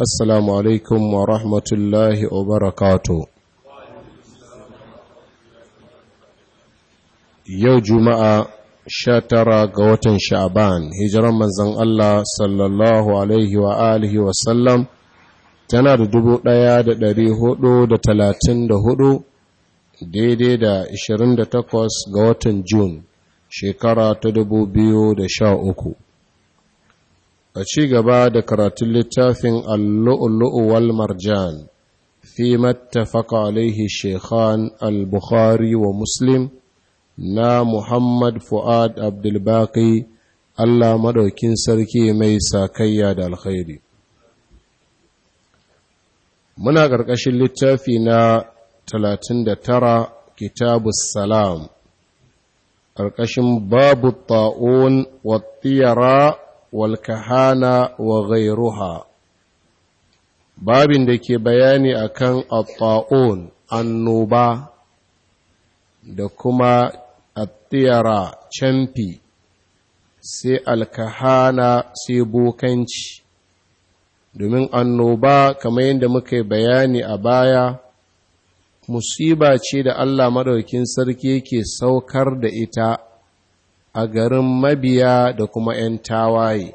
Assalamu alaikum wa rahmatullahi wa barakatu. Yau Juma'a sha tara ga watan Sha'aban, hijiran manzan Allah sallallahu Alaihi wa alihi tana da dubu ɗaya da ɗari hudu da talatin da hudu daidai da ishirin da takwas ga watan Jun shekara ta dubu biyu da sha uku. a ci gaba da karatun littafin allu'ulu'u wal marjan fi mattafaka alaihi shekhan al-bukhari wa muslim na muhammad fu'ad abdulbaki allah maɗaukin sarki mai sakayya da alkhairi muna ƙarƙashin littafi na 39 kitabu salam ƙarƙashin babu ta'un wa tiyara Walkahana والكهانة وغيرها باب bayani بياني أكن annoba, da kuma الطيرة شمبي sai alkahana sai bokanci domin annoba kamar yadda muka yi bayani a baya musiba ce da Allah maɗaukin sarki yake saukar da ita a garin mabiya da kuma ‘yan tawaye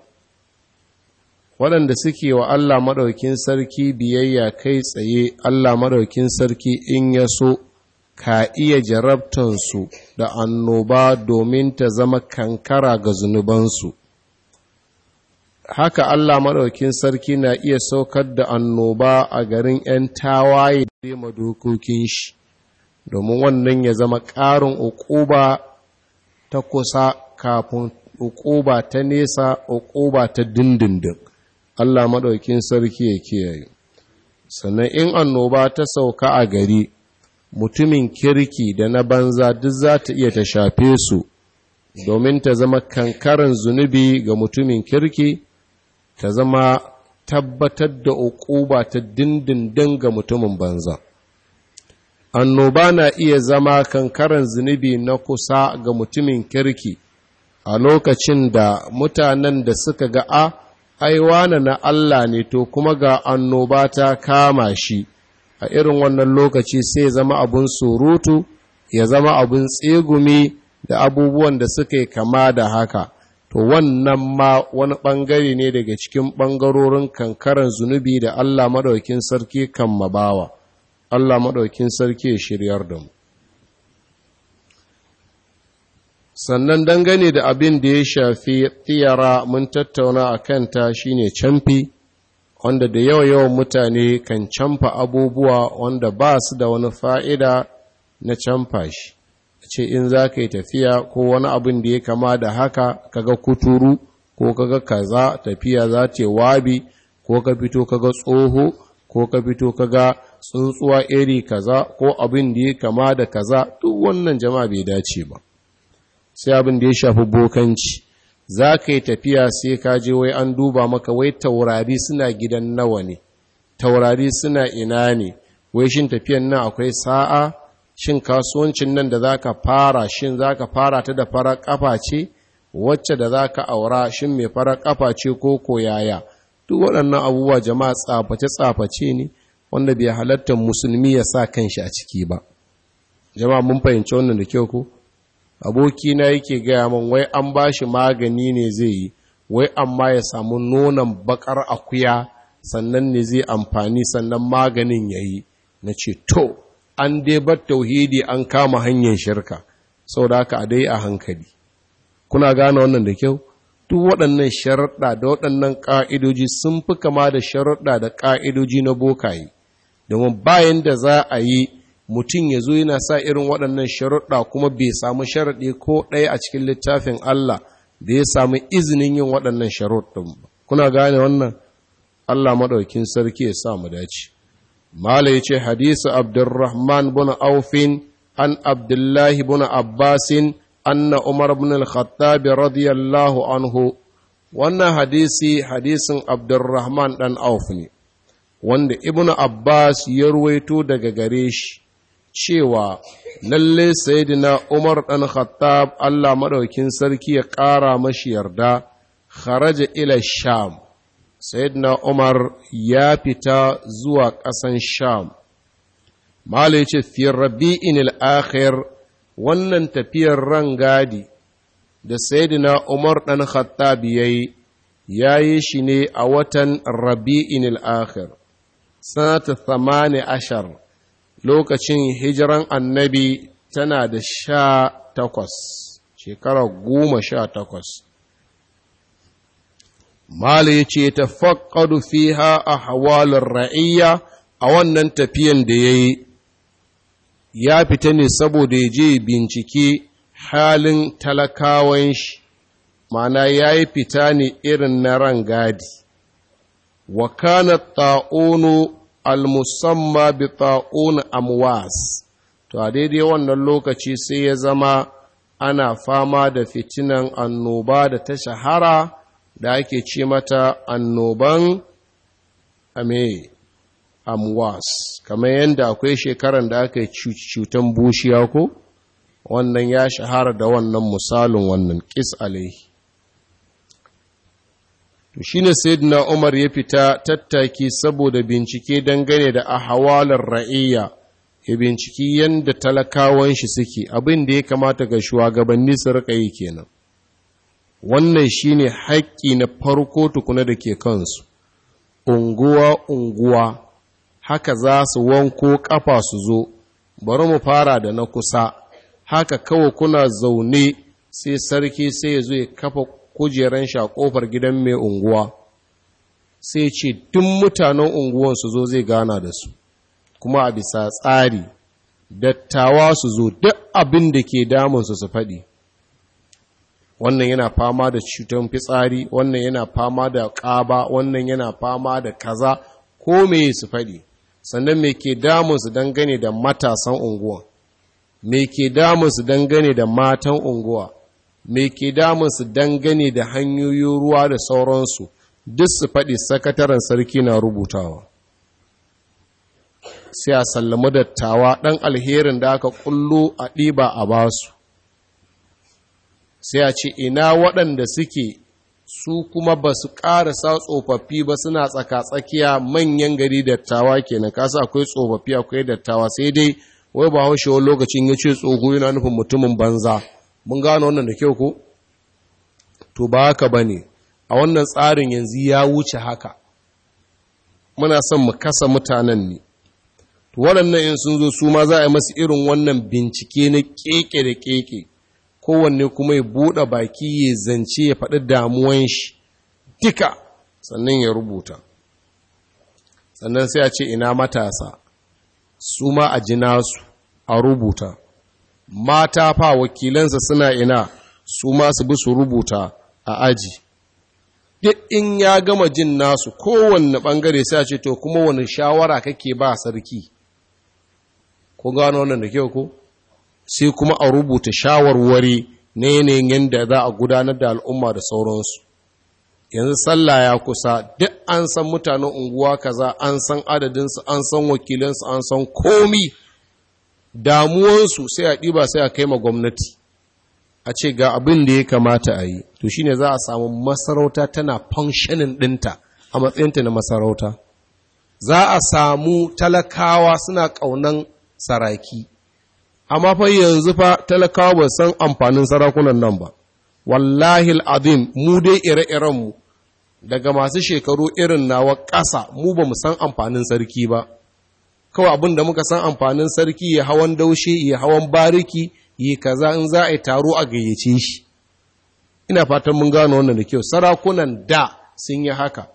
waɗanda suke wa Allah maɗaukin sarki biyayya kai tsaye Allah maɗaukin sarki in ya so ka iya jarabtansu da annoba domin ta zama kankara ga zunubansu haka Allah maɗaukin sarki na iya saukar da annoba a garin ‘yan tawaye da madokokin shi domin wannan ya zama ƙarin uquba ta kusa kafin uquba ta nesa uquba ta dindindin Allah maɗaukin sarki ya kiyaye sannan in annoba ta sauka a gari mutumin kirki da na banza duk za ta iya ta shafe su domin ta zama kankaran zunubi ga mutumin kirki ta zama tabbatar da uquba ta dindindin ga mutumin banza annoba na iya zama kankaran zunubi na kusa ga mutumin kirki a lokacin da mutanen da suka ga a aiwana na Allah ne to kuma ga annoba ta kama shi a irin wannan lokaci sai zama abun surutu ya zama abun tsegumi da abubuwan da suka yi kama da haka to wannan ma wani ɓangare ne daga cikin ɓangarorin kankaran zunubi da Allah maɗaukin sarki kan mabawa Allah maɗaukin sarki ya shiryar da mu sannan dangane da abin da ya shafi tsiyara mun tattauna a kanta shine camfi wanda da yawa-yawan mutane kan camfa abubuwa wanda ba su da wani fa'ida na camfa shi ce in za ka yi tafiya ko wani abin da ya kama da haka kaga kuturu ko kaga kaza tafiya za ta wabi ko ka fito kaga tsoho ko ka fito kaga tsuntsuwa iri kaza ko abin da ya kama da kaza duk wannan jama'a bai dace ba sai abin da ya shafi bokanci za ka yi tafiya sai ka je wai an duba maka wai taurari suna gidan nawa ne taurari suna ina ne wai shin tafiyan nan akwai sa'a shin kasuwancin nan da za ka fara shin za ka fara ta da farar kafa ce wacce da za ka aura shin mai farar kafa ce ko koyaya duk waɗannan abubuwa jama'a tsaface-tsaface ne wanda bai halatta musulmi ya sa kanshi a ciki ba jama'a mun fahimci wannan da kyau ko abokina yake gaya min wai an ba shi magani ne zai yi wai amma ya samu nonon bakar akuya sannan ne zai amfani sannan maganin ya yi na ce to an dai bar tauhidi an kama hanyar shirka da haka a dai a hankali kuna gane wannan da kyau duk waɗannan sharaɗa da waɗannan ƙa'idoji sun fi kama da sharaɗa da ƙa'idoji na bokaye domin bayan da za a yi mutum ya zo yana sa irin waɗannan sharuɗa kuma bai samu sharaɗi ko ɗaya a cikin littafin Allah da ya samu izinin yin waɗannan sharuɗin ba kuna gane wannan Allah maɗaukin sarki ya sa mu dace mala ya ce hadisu abdurrahman bin aufin an abdullahi bin abbasin anna umar bin al-khattab radiyallahu anhu wannan hadisi hadisin abdurrahman ɗan auf ne wanda Ibn abbas ya ruwaito daga gare shi cewa lalle sayyidina Umar dan Khattab Allah madaukin sarki ya ƙara mashi yarda kharaja ila Sham sayyidina Umar ya fita zuwa ƙasan Sham Mala ya ce, Fi rabi'in al'akhir wannan tafiyar rangadi da Sayyidina Umar ɗan Khattab ya yi, shi ne a watan rabi'in al'akhir, sanata thamani ashar, lokacin hijiran annabi tana da sha takwas shekara goma sha takwas mali ce ta faƙaɗu fiha a hawalin ra'iyya a wannan tafiyan da ya yi ya fita ne saboda ya je bincike halin talakawan shi mana ya yi fita ne irin na rangadi wa kana ta'onu al-musamma bi ta'un amwas to a daidai wannan lokaci sai ya zama ana fama da fitinan annoba da ta shahara da ake ce mata annoban ame amwas kamar yadda akwai shekaran da aka cutan bushiya ko wannan ya shahara da wannan misalin wannan kis alaihi shine sayyidina Umar ya fita tattaki saboda bincike dangane da hawalar ra'iyya ya binciki yadda talakawan shi suke abin da ya kamata ga shugabanni su rika yi kenan wannan shine haƙƙi na farko tukuna da ke kansu unguwa unguwa haka za su wanko ƙafa su zo bari mu fara da na kusa haka kawai kuna zaune sai sarki sai ya zo ya kafa kujeran sha a kofar gidan mai unguwa sai ce tun mutanen unguwan su zo zai gana da su kuma a bisa tsari dattawa su zo duk abin da ke damunsu su faɗi wannan yana fama da cutar fitsari wannan yana fama da ƙaba wannan yana fama da kaza ko me su faɗi sannan me ke damunsu dangane da matasan unguwa me ke damunsu dangane da matan unguwa mai ke damunsu dangane da hanyoyin ruwa da sauransu duk su faɗi sakataren sarki na rubutawa sai a sallama dattawa ɗan alherin da aka ƙullo a ɗiba a basu sai a ce ina waɗanda suke su kuma ba su sa tsofaffi ba suna tsaka-tsakiya manyan gari dattawa kenan kasa akwai tsofaffi akwai dattawa sai dai wai ba haushe lokacin ya ce tsoho yana nufin mutumin banza mun gano wannan da kyau ko to ba haka ba ne, a wannan tsarin yanzu ya wuce haka muna son mu kasa mutanen ne to waɗannan in sun zo su ma za a yi masu irin wannan bincike na keke da keke kowanne kuma ya buɗe baki ya zance ya faɗi damuwan shi duka sannan ya rubuta sannan sai a ce ina matasa su ma a ji nasu a rubuta mata fa wakilansa suna ina su masu bi su rubuta a aji duk in ya gama jin nasu kowanne bangare sai ce to kuma wani shawara kake ba sarki ko gano wannan da kyau ko sai kuma a rubuta shawarwari na yanayin yadda za a gudanar da al'umma da sauransu yanzu sallah ya kusa duk an san mutanen unguwa kaza an san adadinsu an san wakilansu an san komi damuwansu sai a ɗiba sai a kai ma gwamnati a ce ga abin da ya kamata a yi to shine za a samu masarauta tana fanshinin ɗinta a matsayinta na masarauta za a samu talakawa suna ƙaunan saraki amma fa yanzu fa talakawa ba san amfanin sarakunan nan ba wallahi al'adun mu dai ire-irenmu daga masu shekaru irin nawa ƙasa mu ba mu san amfanin sarki ba kawai abin da muka san amfanin sarki ya hawan daushe ya hawan bariki ya kaza in za a yi taro a gayyace shi ina fatan mun gano wannan da kyau sarakunan da sun yi haka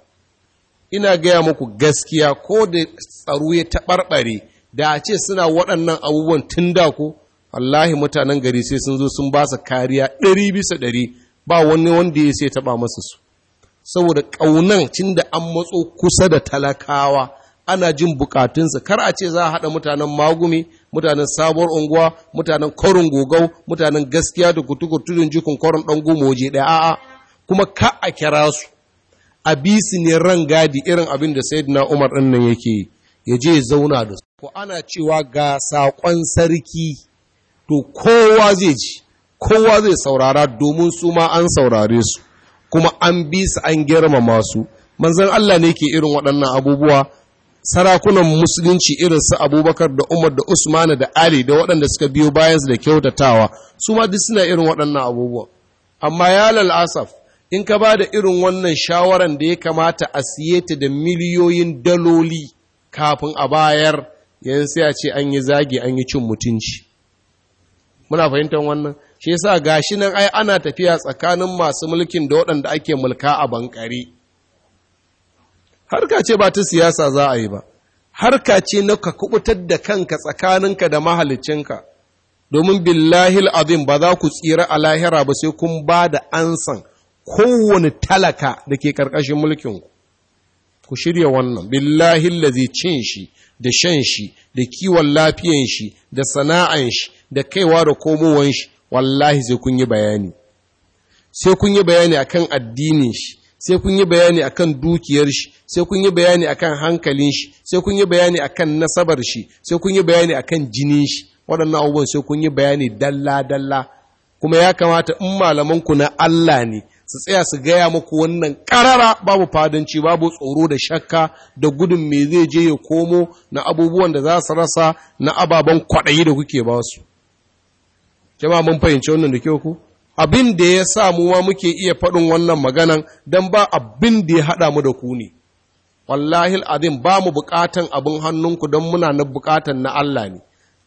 ina gaya muku gaskiya ko da tsaro ya taɓarɓare da a ce suna waɗannan abubuwan tun da ko wallahi mutanen gari sai sun zo sun ba su kariya ɗari bisa ɗari ba wani wanda ya sai taɓa masa su saboda ƙaunan cin da an matso kusa da talakawa ana jin bukatunsa kar a ce za a haɗa mutanen magumi mutanen sabuwar unguwa mutanen korin gogau mutanen gaskiya da kutukur tudun jikun korin ɗan goma waje ɗaya a'a kuma ka a kira su a bi su ne ran gadi irin abin da na umar ɗin nan yake ya je ya zauna da su ko ana cewa ga saƙon sarki to kowa zai ji kowa zai saurara domin su ma an saurare su kuma an bi su an girmama su manzon Allah ne ke irin waɗannan abubuwa sarakunan musulunci irin su abubakar da umar da usmana da ali da waɗanda suka biyo bayansu da kyautatawa su ma duk suna irin waɗannan abubuwan amma ya lalasaf in ka ba da irin wannan shawaran da ya kamata a siye ta da miliyoyin daloli kafin a bayar yanzu sai a ce an yi zagi an yi cin mutunci muna fahimtar wannan shi yasa gashi nan ai ana tafiya tsakanin masu mulkin da waɗanda ake mulka a bankare harka ce ba ta siyasa za a yi ba harka ce na ka kubutar da kanka tsakaninka da mahalicinka domin billahil azim ba za ku tsira a lahira ba sai kun ba da ansan kowane talaka da ke ƙarƙashin mulkin ku shirya wannan billahi lazi cin shi da shan shi da kiwon lafiyan shi da sana'an shi da kaiwa da komowan shi wallahi sai kun yi bayani sai kun yi bayani akan addinin shi sai kun yi bayani akan dukiyar shi sai kun yi bayani akan hankalin shi sai kun yi bayani akan nasabar shi sai kun yi bayani akan jinin shi waɗannan abubuwan sai kun yi bayani dalla dalla kuma ya kamata in malaman ku na Allah ne su tsaya su gaya muku wannan karara babu fadanci babu tsoro da shakka da gudun me zai je ya komo na abubuwan da za su rasa na ababen kwaɗayi da kuke ba su jama'a mun fahimci wannan da kyau ku abin da ya sa mu ma muke iya faɗin wannan maganan don ba abin da ya haɗa mu da ku ne wallahi azim ba mu buƙatan abin hannunku don muna na buƙatan na Allah ne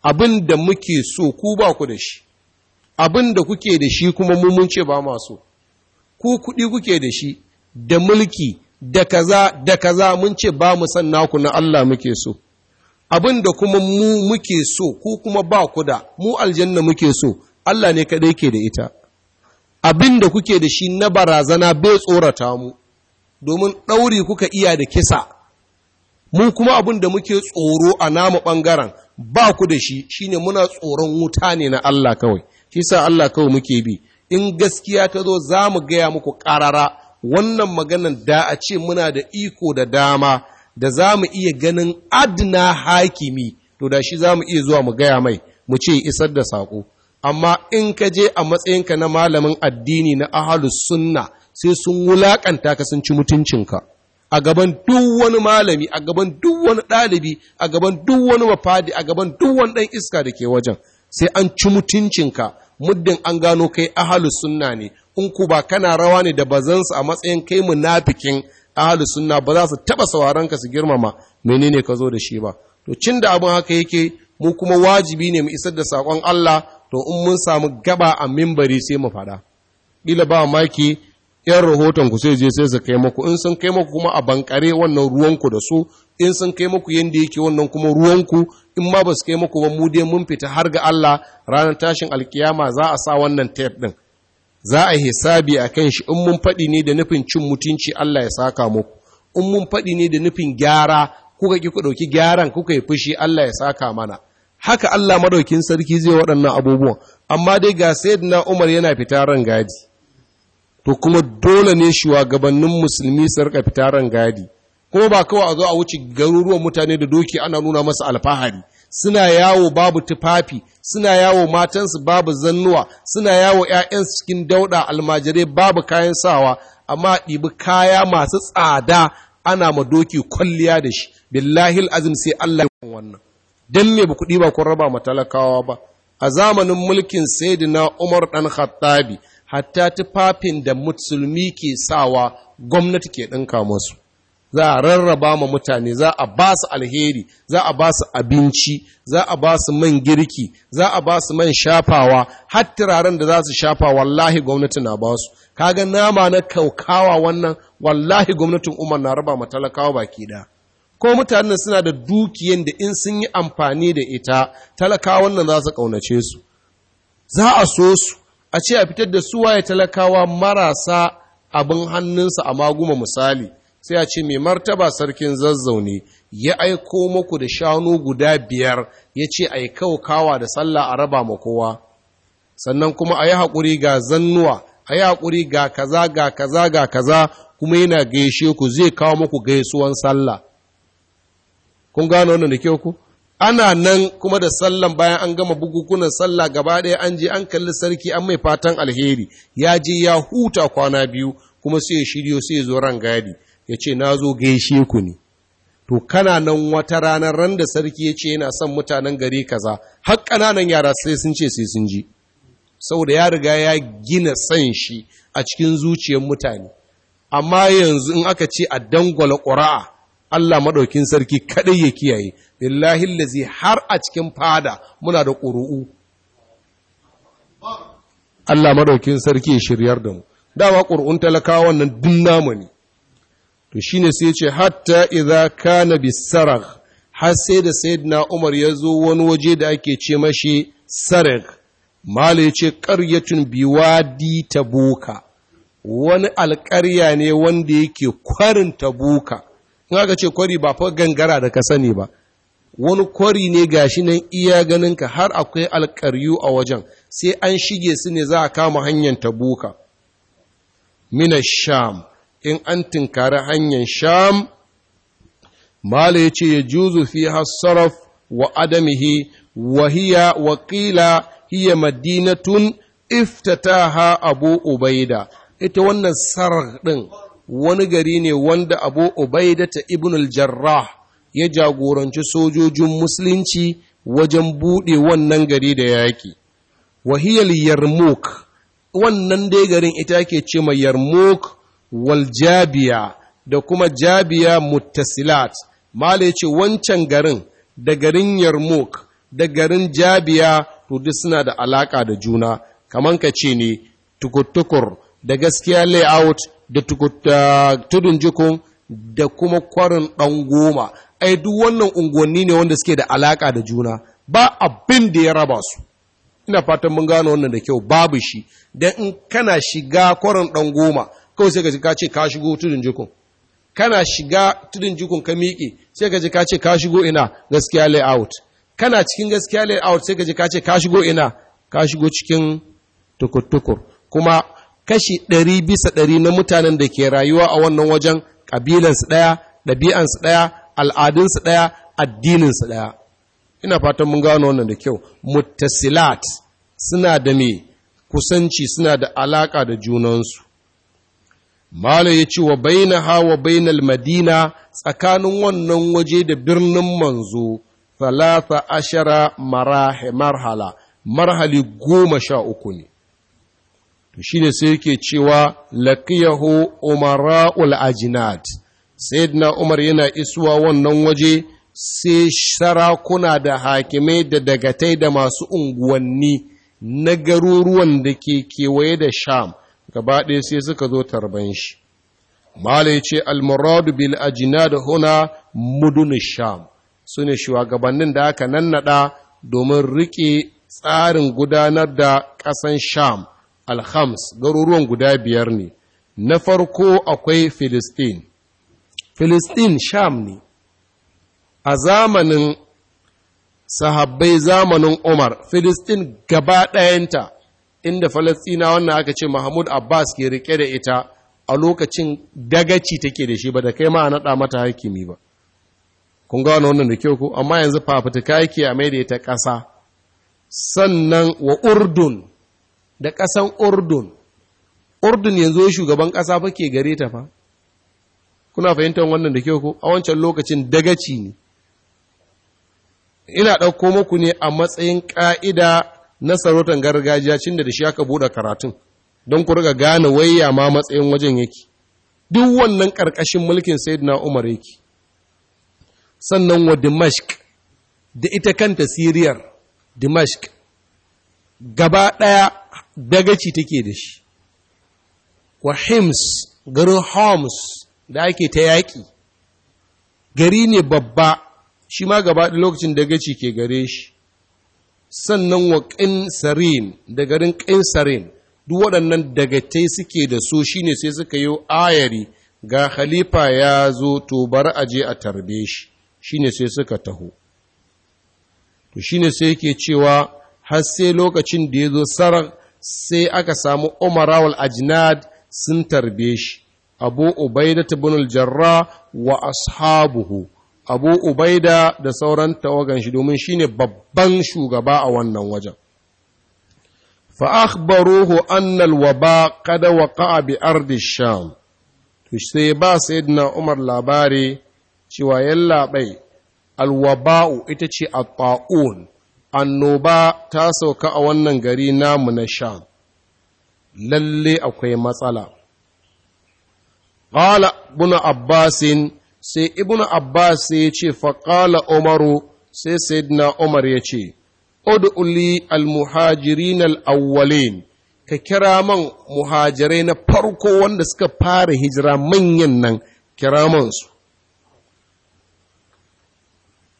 abin da muke so ku ba ku da shi abin da kuke da shi kuma mu mun ce ba masu ku kuɗi kuke da shi da mulki da kaza da kaza mun ce ba mu san naku na Allah muke so abin da kuma mu muke so ku kuma ba ku da mu aljanna muke so Allah ne kaɗai ke da ita abin da kuke da shi na barazana bai tsorata mu domin ɗauri kuka iya da kisa mun kuma abin da muke tsoro a namu ɓangaren ba ku da shi shine muna tsoron wuta ne na Allah kawai shi sa Allah kawai muke bi in gaskiya ta zo za mu gaya muku ƙarara wannan maganan da a ce muna da iko da dama da za mu iya ganin adna hakimi to da shi za mu iya zuwa mu gaya mai mu ce isar da saƙo amma in ka je a matsayinka na malamin addini na ahalus sunna sai sun wulakanta ka sun ci mutuncinka a gaban duk wani malami a gaban duk wani ɗalibi a gaban duk wani mafadi a gaban duk wani ɗan iska da ke wajen sai an ci mutuncinka muddin an gano kai ahalus sunna ne in ku ba kana rawa ne da bazansu a matsayin kai munafikin ahalus sunna ba za su taba sauraron ka su girmama menene ka zo da shi ba to cin da abin haka yake mu kuma wajibi ne mu isar da sakon Allah to in mun samu gaba a mimbari sai mu fada ƙila ba maki yan rahoton ku sai je sai su kai muku in sun kai muku kuma a bankare wannan ruwanku da su in sun kai muku yanda yake wannan kuma ruwanku in ma ba su kai muku ba mu dai mun fita har ga Allah ranar tashin alkiyama za a sa wannan tape din za a hisabi a kan shi in mun faɗi ne da nufin cin mutunci Allah ya saka muku in mun faɗi ne da nufin gyara kuka ki ku ɗauki gyaran kuka yi fushi Allah ya saka mana haka Allah madaukin sarki zai waɗannan abubuwan amma dai ga na Umar yana fita ran gadi to kuma dole ne shugabannin musulmi su rika fita ran gadi kuma ba kawai a zo a wuce garuruwan mutane da doki ana nuna masa alfahari suna yawo babu tufafi suna yawo matansu babu zannuwa suna yawo 'ya'yansu cikin dauɗa almajirai babu kayan sawa amma ɗibi kaya masu tsada ana ma doki kwalliya da shi billahil azim sai Allah ya wannan dan me ba kuɗi ba kun raba ma talakawa ba a zamanin mulkin saidina umar ɗan khattabi hatta tufafin da musulmi ke sawa gwamnati ke ɗinka musu za a rarraba ma mutane za a ba su alheri za a ba su abinci za a ba su man girki za a ba su man shafawa har turaren da za su shafa wallahi gwamnati na ba su kaga nama na kaukawa wannan wallahi gwamnatin umar na raba ma talakawa baki ɗaya ko mutanen suna da dukiyan da in sun yi amfani da ita talakawan nan za su ƙaunace su za a so su a ce a fitar da su waye talakawa marasa abin hannunsa a maguma misali sai a ce mai martaba sarkin zazzaune ya aiko maku da shanu guda biyar ya ce a yi kaukawa da sallah a raba ma kowa sannan kuma a yi haƙuri ga zannuwa a yi haƙuri ga kaza ga kaza ga kaza kuma yana gaishe ku zai kawo maku gaisuwan sallah kun gano wannan da kyau ku ana nan kuma da sallan bayan an gama bukukunan sallah gaba ɗaya an je an kalli sarki an mai fatan alheri ya je ya huta kwana biyu kuma sai ya shiryo sai ya zo ran gadi ya ce na zo gaishe ku ne to kana nan wata ranar ran da sarki ya ce yana son mutanen gari kaza har ƙananan yara sai sun ce sai sun ji saboda ya riga ya gina san shi a cikin zuciyar mutane amma yanzu in aka ce a dangwala ƙura'a Allah maɗaukin sarki kaɗai ya kiyaye billahi lazi har a cikin fada muna da ƙuru'u Allah maɗaukin sarki ya shiryar da mu dawa ƙuru'un talakawa wannan duk namu ne to ne sai ce hatta na bi bisaragh har sai da sayyidina Umar ya zo wani waje da ake ce mashi sarar mala yace qaryatun biwadi tabuka wani alƙarya ne wanda yake kwarin tabuka in aka ce kwari ba fa gangara da ka sani ba wani kwari ne ga shi nan iya ganin ka har akwai alkaryu a wajen sai an shige su ne za a kama hanyar tabuka mina sham in an tinkari hanyar sham mala ya ce ya juzu fi sarraf wa adamihi wa hiya wa qila hiya madinatun iftataha abu ubaida ita wannan sarar din wani gari ne wanda abu ubaidata ibn jarrah ya jagoranci sojojin musulunci wajen buɗe wannan gari da yaƙi wahiyar yarmouk wannan dai garin ita ke ce ma yarmouk wal jabiya da kuma jabiya muttasilat mala ya ce wancan garin da garin yarmouk da garin jabiya to duk suna da alaƙa da juna Kamar ka ce ne tukutukur da gaskiya layout da tudun jikun da kuma kwarin ɗan goma ai duk wannan unguwanni ne wanda suke da alaƙa da juna ba abin da ya raba su ina fatan mun gano wannan da kyau babu shi dan in kana shiga kwarin ɗan goma kawai sai ka ce ka shigo tudun jikun kana shiga tudun jikun ka miƙe sai ka ji ka ce ka shigo ina gaskiya layout kana cikin gaskiya layout sai ka ji ka ce ka shigo ina ka shigo cikin tukutukur. kuma kashi ɗari bisa ɗari na mutanen da ke rayuwa a wannan wajen ƙabilansu ɗaya ɗabi'ansu ɗaya al'adunsu ɗaya addininsu ɗaya ina fatan mun gano wannan da kyau muttasilat suna da me kusanci suna da alaƙa da junansu Malam ya ce wa baina hawa bainal madina tsakanin wannan waje da birnin manzo talata ashara marhala marhali goma sha uku ne to ne sai yake cewa laqiyahu umara'ul ajinat na umar yana isuwa wannan waje sai sarakuna da hakimai da dagatai da masu unguwanni na garuruwan da ke kewaye da sham gaba ɗaya sai suka zo tarban shi malai ce almuradu bil ajinad huna mudun sham su ne shugabannin da aka nannaɗa domin riƙe tsarin gudanar da ƙasan sham alhams garuruwan guda biyar ne na farko akwai filistin filistin sham ne a zamanin sahabbai zamanin umar filistin gaba ɗayanta inda falastina wannan aka ce mahmud abbas ke rike da ita a lokacin dagaci take da shi ba da kai ma a naɗa mata hakimi ba kun gano wannan da kyau ku amma yanzu fafutuka yake a da ita ƙasa sannan wa urdun da ƙasan urdun urdun yanzu shugaban ƙasa fa ke gare ta fa kuna fahimtar wannan da ke ku? a wancan lokacin dagaci ne ina ɗauko muku ne a matsayin ƙa'ida na sarautar gargajiya cin da shi aka buɗe karatun don ku riga gane wayya ma matsayin wajen yake duk wannan ƙarƙashin mulkin sayyidina umar yake sannan wa dimashq da ita kanta siriyar dimashq gaba ɗaya dagaci take da shi wa hims garin homs da ake ta yaƙi gari ne babba shi ma gaba lokacin dagaci ke gare shi sannan wa ƙinsarin da garin ƙinsarin duk waɗannan dagatai suke da so shine sai suka yi ayari ga khalifa ya zo to bar a je a tarbe shi shine sai suka taho to shi ne sai yake cewa har sai lokacin da ya zo sarar sai aka samu umarawal ajnad sun tarbe shi abu ubaida ibn jarra wa ashabuhu abu ubaida da sauran tawagan shi domin shi ne babban shugaba a wannan wajen fa akhbaruhu anna al-waba qad bi ardi sham to sai ba sayyidina umar labari cewa yallaɓai alwaba'u ita ce a ta'un annoba ta sauka a wannan gari namu na sham lalle akwai matsala ƙala ibn abbasin sai ibn abbas ya ce faƙala umaru sai sayyidina umar ya ce ud'uli al-muhajirin al-awwalin ka kira man muhajirai na farko wanda suka fara hijira manyan nan kira man su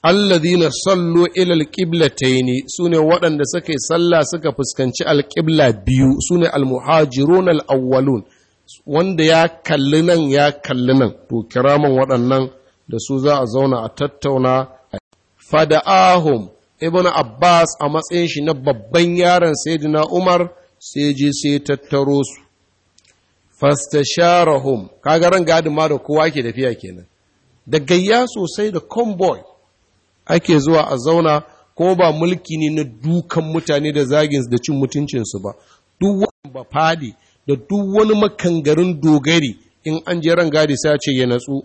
alladina sallu ila alqiblatayn sune waɗanda suka yi sallah suka fuskanci alqibla biyu sune almuhajirun alawwalun wanda ya kalli nan ya kalli nan to kiraman waɗannan da su za a zauna a tattauna fada'ahum ibn abbas a matsayin shi na babban yaron sayyidina umar sai je sai tattaro su fastasharahum kaga ran gadi ma da kowa ke tafiya kenan da gayya sosai da convoy ake zuwa a zauna ko ba mulki ne na dukan mutane da zagin da cin mutuncinsu ba duk wani ba fadi da duk wani makangarin dogari in an je ran gadi sai ce ya natsu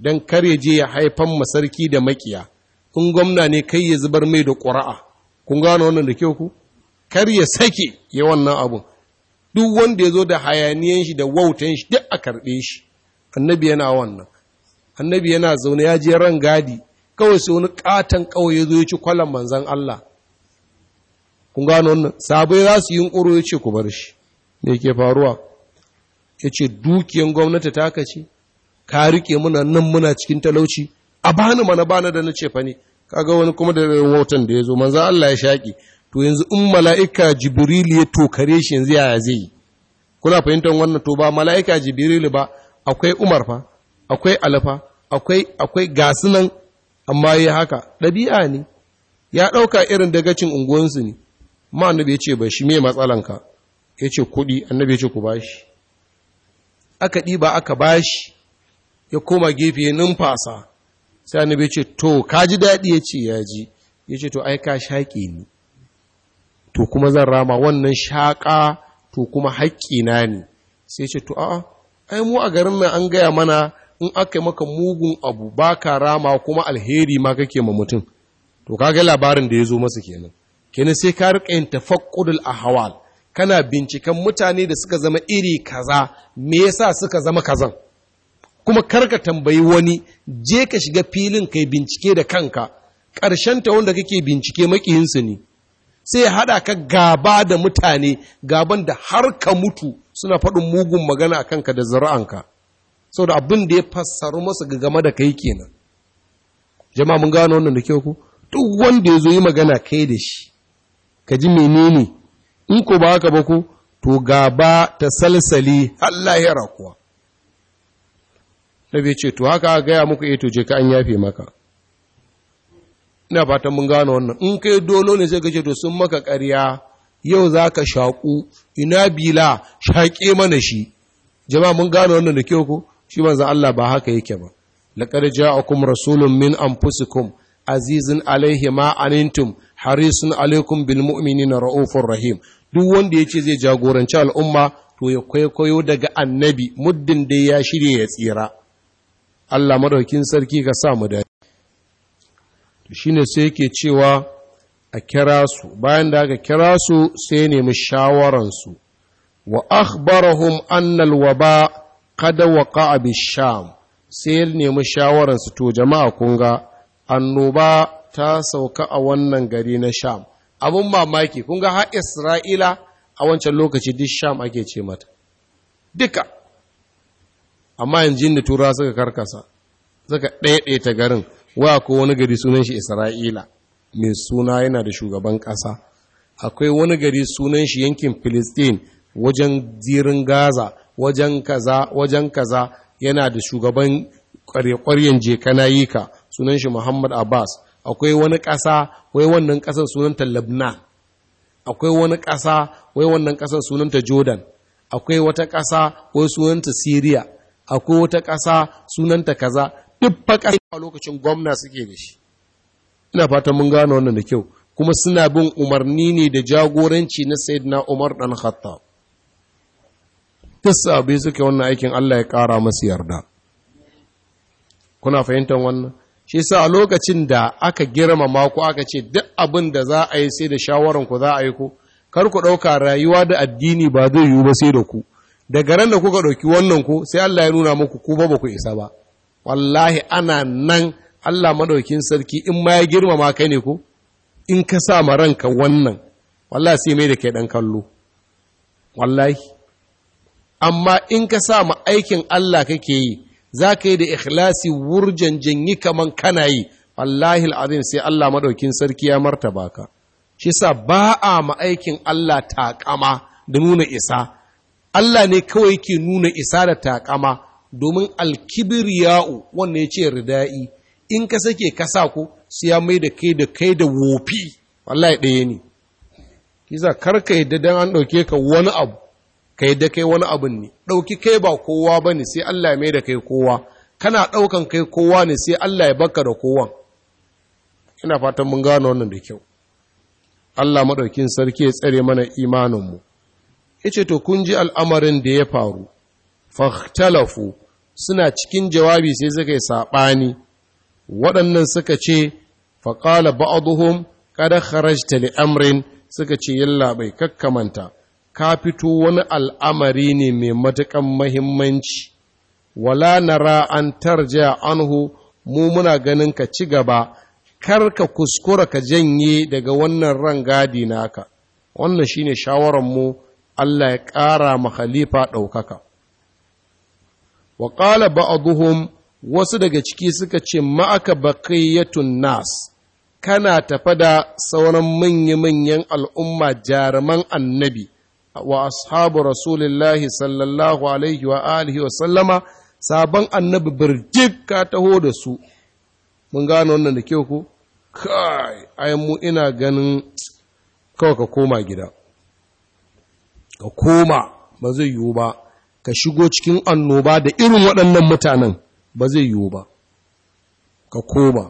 don kar ya je ya haifan masarki da makiya in gwamna ne kai ya zubar mai da ƙura'a kun gano wannan da kyau ku kar ya sake ya wannan abun duk wanda ya zo da hayaniyan shi da wautan shi duk a karɓe shi annabi yana wannan annabi yana zaune ya je ran gadi kawai sai wani katon kawai ya zo ya ci kwallon manzan Allah kun gano wannan sabai za su yi ƙuro ya ce ku bar shi me ke faruwa ya ce dukiyan gwamnati ta kace ka rike muna nan muna cikin talauci a bani mana bana da na ce fa ne kaga wani kuma da wautan da ya zo manzan Allah ya shaƙi to yanzu in mala'ika Jibrilu ya tokare shi yanzu yaya zai yi kuna fahimtar wannan to ba mala'ika Jibrilu ba akwai umar fa akwai alfa akwai akwai gasunan amma yi haka ɗabi'a ne ya ɗauka irin dagacin unguwansu ne ma annabi ya ce ba shi mai matsalanka ya ce kuɗi annabi ya ce ku bashi aka ɗiba aka bashi ya koma gefe ya numfasa sai annabi ya ce to ka ji daɗi ya ce ya ji ya ce to ai ka shaƙe ni to kuma zan rama wannan shaƙa to kuma haƙƙina ne sai ce to a'a ai mu a garin nan an gaya mana in aka maka mugun abu ba ka rama kuma alheri ma kake ma mutum to kage labarin da ya zo masa kenan kenan sai ka rika yin tafakkudul ahwal kana binciken mutane da suka zama iri kaza me yasa suka zama kazan kuma karka tambayi wani je ka shiga filin kai bincike da kanka ƙarshen ta wanda kake bincike makiyinsu ne sai haɗa ka gaba da mutane gaban da har ka mutu suna faɗin mugun magana a kanka da zara'anka da abin da ya fassaru masa ga game da kai kenan jama'a mun gano wannan da kyau ku duk wanda ya zo yi magana kai da shi ka ji menene in ko ba haka ba ku to gaba ta salsali Allah ya rakuwa nabi ce to haka gaya muku eh to je ka an yafe maka ina fatan mun gano wannan in kai dolo ne sai ka ce to sun maka ƙarya yau za ka shaƙu ina bila shaƙe mana shi jama'a mun gano wannan da kyau ku. shi manzan Allah ba haka yake ba laqad ja'akum rasulun min anfusikum azizin alaihi ma anintum harisun alaikum bil na raufur rahim duk wanda ya ce zai jagoranci al'umma to ya kwaikwayo daga annabi muddin da ya shirya ya tsira Allah madaukin sarki ka sa mu da shine sai yake cewa a kira su bayan da aka kira su sai nemi su. wa akhbarahum annal waba kada wa ƙa’abi sham sai nemi shawararsu to jama'a kunga, annoba ta sauka a wannan gari na sham Abin mamaki kun ga har isra'ila a wancan lokaci duk sham ake ce mata duka amma yanzu da tura suka karkasa suka ta garin wa ko wani gari sunan shi isra'ila mai suna yana da shugaban ƙasa akwai wani gari sunan shi yankin Filistin wajen zirin Gaza wajen kaza wajen kaza yana da shugaban ƙwaryen je kana yi ka sunan shi Muhammad Abbas akwai wani ƙasa wai wannan ƙasar sunanta Labna, akwai wani ƙasa wai wannan ƙasar sunanta Jordan akwai wata ƙasa wai sunanta Syria akwai wata ƙasa sunanta kaza duk fa ƙasa a lokacin gwamna suke da shi ina fata mun gane wannan da kyau kuma suna bin umarni ne da jagoranci na Sayyidina Umar dan Khattab duk abin suke wannan aikin Allah ya ƙara masu yarda kuna fahimtar wannan shi sa a lokacin da aka girmama mako aka ce duk abin da za a yi sai da shawaran ku za a yi ku kar ku ɗauka rayuwa da addini ba zai yiwu ba sai da ku daga ran da kuka ɗauki wannan ku sai Allah ya nuna muku ku ba ku isa ba wallahi ana nan Allah madaukin sarki in ma ya girmama kai ne ko in ka sa ma ranka wannan wallahi sai mai da kai ɗan kallo wallahi amma in ka sa ma aikin Allah kake yi za ka yi da ikhlasi wurjan janyi kaman kana yi wallahi azim sai Allah madaukin sarki ya martaba ka shi sa ba a ma aikin Allah taƙama da nuna isa Allah ne kawai ke nuna isa da takama domin alkibiriya'u wannan ya ce rida'i in ka sake kasa ku, sai ya mai da kai da kai da wofi wallahi ɗaya ne kiza karka yadda dan an ɗauke ka wani abu kai da kai wani abin ne ɗauki kai ba kowa ba ne sai Allah ya mai da kai kowa kana ɗaukan kai kowa ne sai Allah ya baka da kowan ina fatan mun gano wannan da kyau Allah maɗaukin sarki ya tsare mana imaninmu Ya ce to kun ji al'amarin da ya faru fahtalafu suna cikin jawabi sai suka yi saɓani waɗannan suka ce faƙala ba'aduhum kada kharajta li amrin suka ce yalla bai kakkamanta ka fito wani al'amari ne mai matuƙan mahimmanci, wala nara an tarja anhu mu muna ganin ka ci gaba, kar ka kuskura ka janye daga wannan ran gadi naka, wannan shi ne shawararmu Allah ya ƙara ma khalifa ɗaukaka. Wa ƙala ba'aduhum wasu daga ciki suka ce ma'aka nas, kana tafada sauran manya-manyan al'umma jaruman annabi. wa ashabu rasulillahi sallallahu alaihi wa alihi wa sallama sabon annabi birjik ka taho da su mun gano wannan da kyau ku kai ai mu ina ganin kawai ka koma gida ka koma ba zai yiwu ba ka shigo cikin annoba da irin waɗannan mutanen ba zai yiwu ba ka koma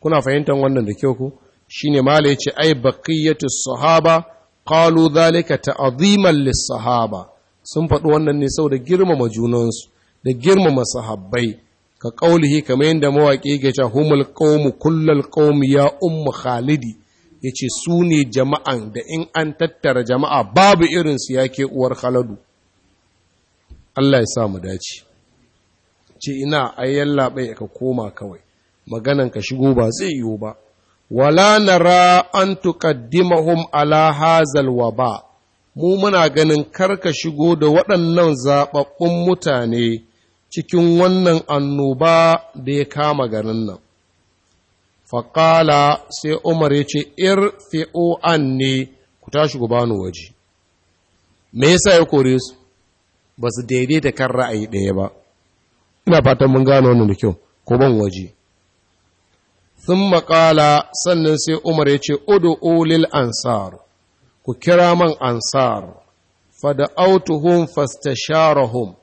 kuna fahimtar wannan da kyau ku shine mala yace ai baqiyatu sahaba qalu zalika ta'ziman lis-sahaba sun faɗi wannan ne saboda girmama junansu da girmama sahabbai ka qaulihi kamar yadda mawaki yake cewa humul qawmu kullal qawmi ya ummu khalidi yace su ne jama'an da in an tattara jama'a babu irin su yake uwar khaladu Allah ya sa mu dace ce ina ayyalla bai ka koma kawai maganan ka shigo ba zai yiwu ba wala نرى an تقدمهم ala هذا الوباء mu muna ganin karka shigo da waɗannan zaɓaɓɓun mutane cikin wannan annoba da ya kama garin nan faƙala sai umar ya ce yar an ne ku tashi ku bani waje me yasa ya kore su ba su daidaita kan ra'ayi ɗaya ba ina fatan mun gano wannan da kyau ko ban waje sun maƙala sannan sai umar ya ce udu lil ansar ku kira man ansar fada'autuhum fastasharahum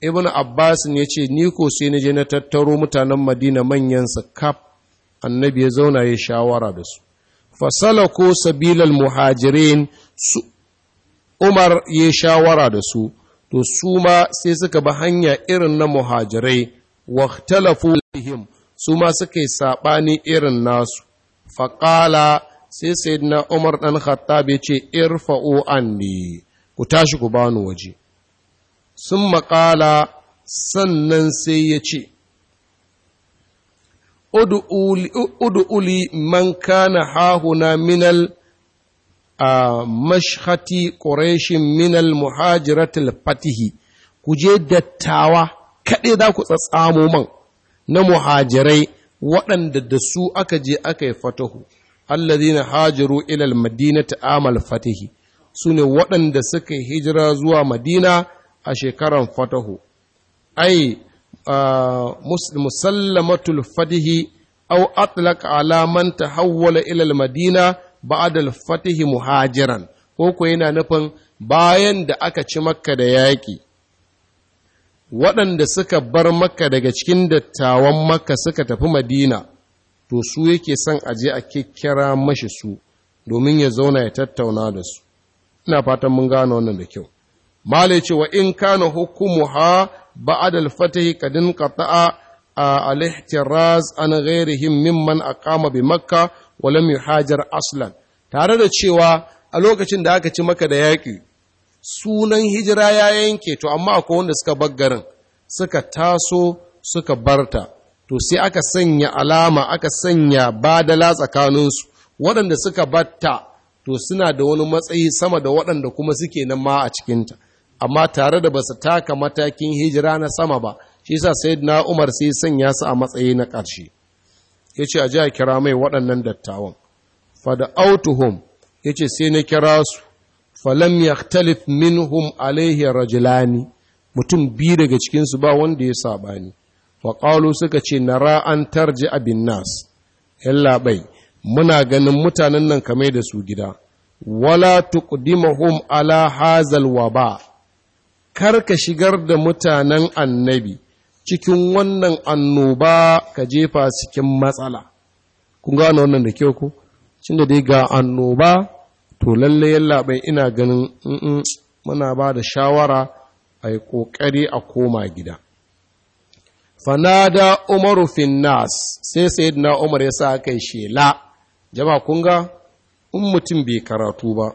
ibn abbas ya ce ni ko sai na je na tattaro mutanen madina manyan su kaf annabi ya zauna ya shawara da su ko sabilal muhajirin su umar ya shawara da su to su ma sai suka bi hanya irin na muhajirai wahtalafu bihim su ma suka yi saɓani irin nasu faƙala sai sai na umar ɗan khattab ya ce irfa'o an ne ku tashi ku bani waje sun maƙala sannan sai ya ce udu'uli man kana hahuna minal a mashhati ƙorashin minal muhajiratul fatihi ku je dattawa kaɗai za ku tsatsamo man na muhajirai waɗanda da su aka je aka yi fatahu na hajaru ilal madina ta amal fatihi ne waɗanda suka yi hijira zuwa madina a shekaran fatahu ai musallamatul fatihi au atlaka alamanta hawwala ilal madina ba'adal al fatihi muhajiran ko kuwa yana nufin bayan da aka ci makka da yaƙi waɗanda suka bar maka daga cikin dattawan makka suka tafi madina to su yake son aje a kikkira mashi su domin ya zauna ya tattauna da su ina fatan mun gano wannan da kyau mala ce wa in kana hukumu ha ba'ad al-fatih kadin qata'a al-ihtiraz an ghairihim mimman aqama bi makka wa lam yuhajir aslan tare da cewa a lokacin da aka ci maka da yaƙi sunan hijira ya yanke to amma akwai wanda suka bar garin suka taso suka barta to sai aka sanya alama aka sanya badala tsakaninsu waɗanda suka batta to suna da wani matsayi sama da waɗanda kuma suke nan ma a cikinta amma tare da ba su taka matakin hijira na sama ba shi sa sai na umar sai sanya su a matsayi na ƙarshe ya ce a ji a kira mai waɗannan dattawan fada autuhum ya ce sai na kira su falam yaktalif minhum alaihi rajulani mutum biyu daga cikinsu ba wanda ya saɓani faƙalu suka ce nara an tarji abin nas Yallabai, bai muna ganin mutanen nan kamar da su gida wala tuqdimahum ala hazal waba kar ka shigar da mutanen annabi cikin wannan annoba ka jefa cikin matsala kun gane wannan da kyau ku cin da dai ga annoba to lalle yallaɓai ina ganin muna ba da shawara a yi ƙoƙari a koma gida fanada umaru finnas sai sayyidina umar ya sa aka yi shela jama kunga in mutum bai karatu ba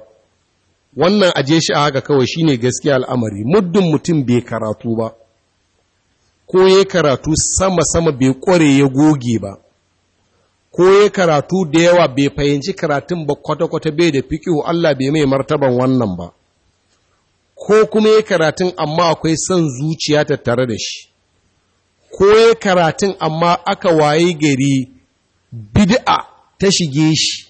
wannan aje shi a haka kawai shine gaskiya al'amari muddin mutum bai karatu ba ko ya karatu sama-sama bai kware ya goge ba ko ya karatu da yawa bai fahimci karatun ba kwata-kwata bai da fikihu Allah bai mai martaban wannan ba ko kuma ya karatun amma akwai son zuciya ta tare da shi ko ya karatun amma aka waye gari bid'a ta shige shi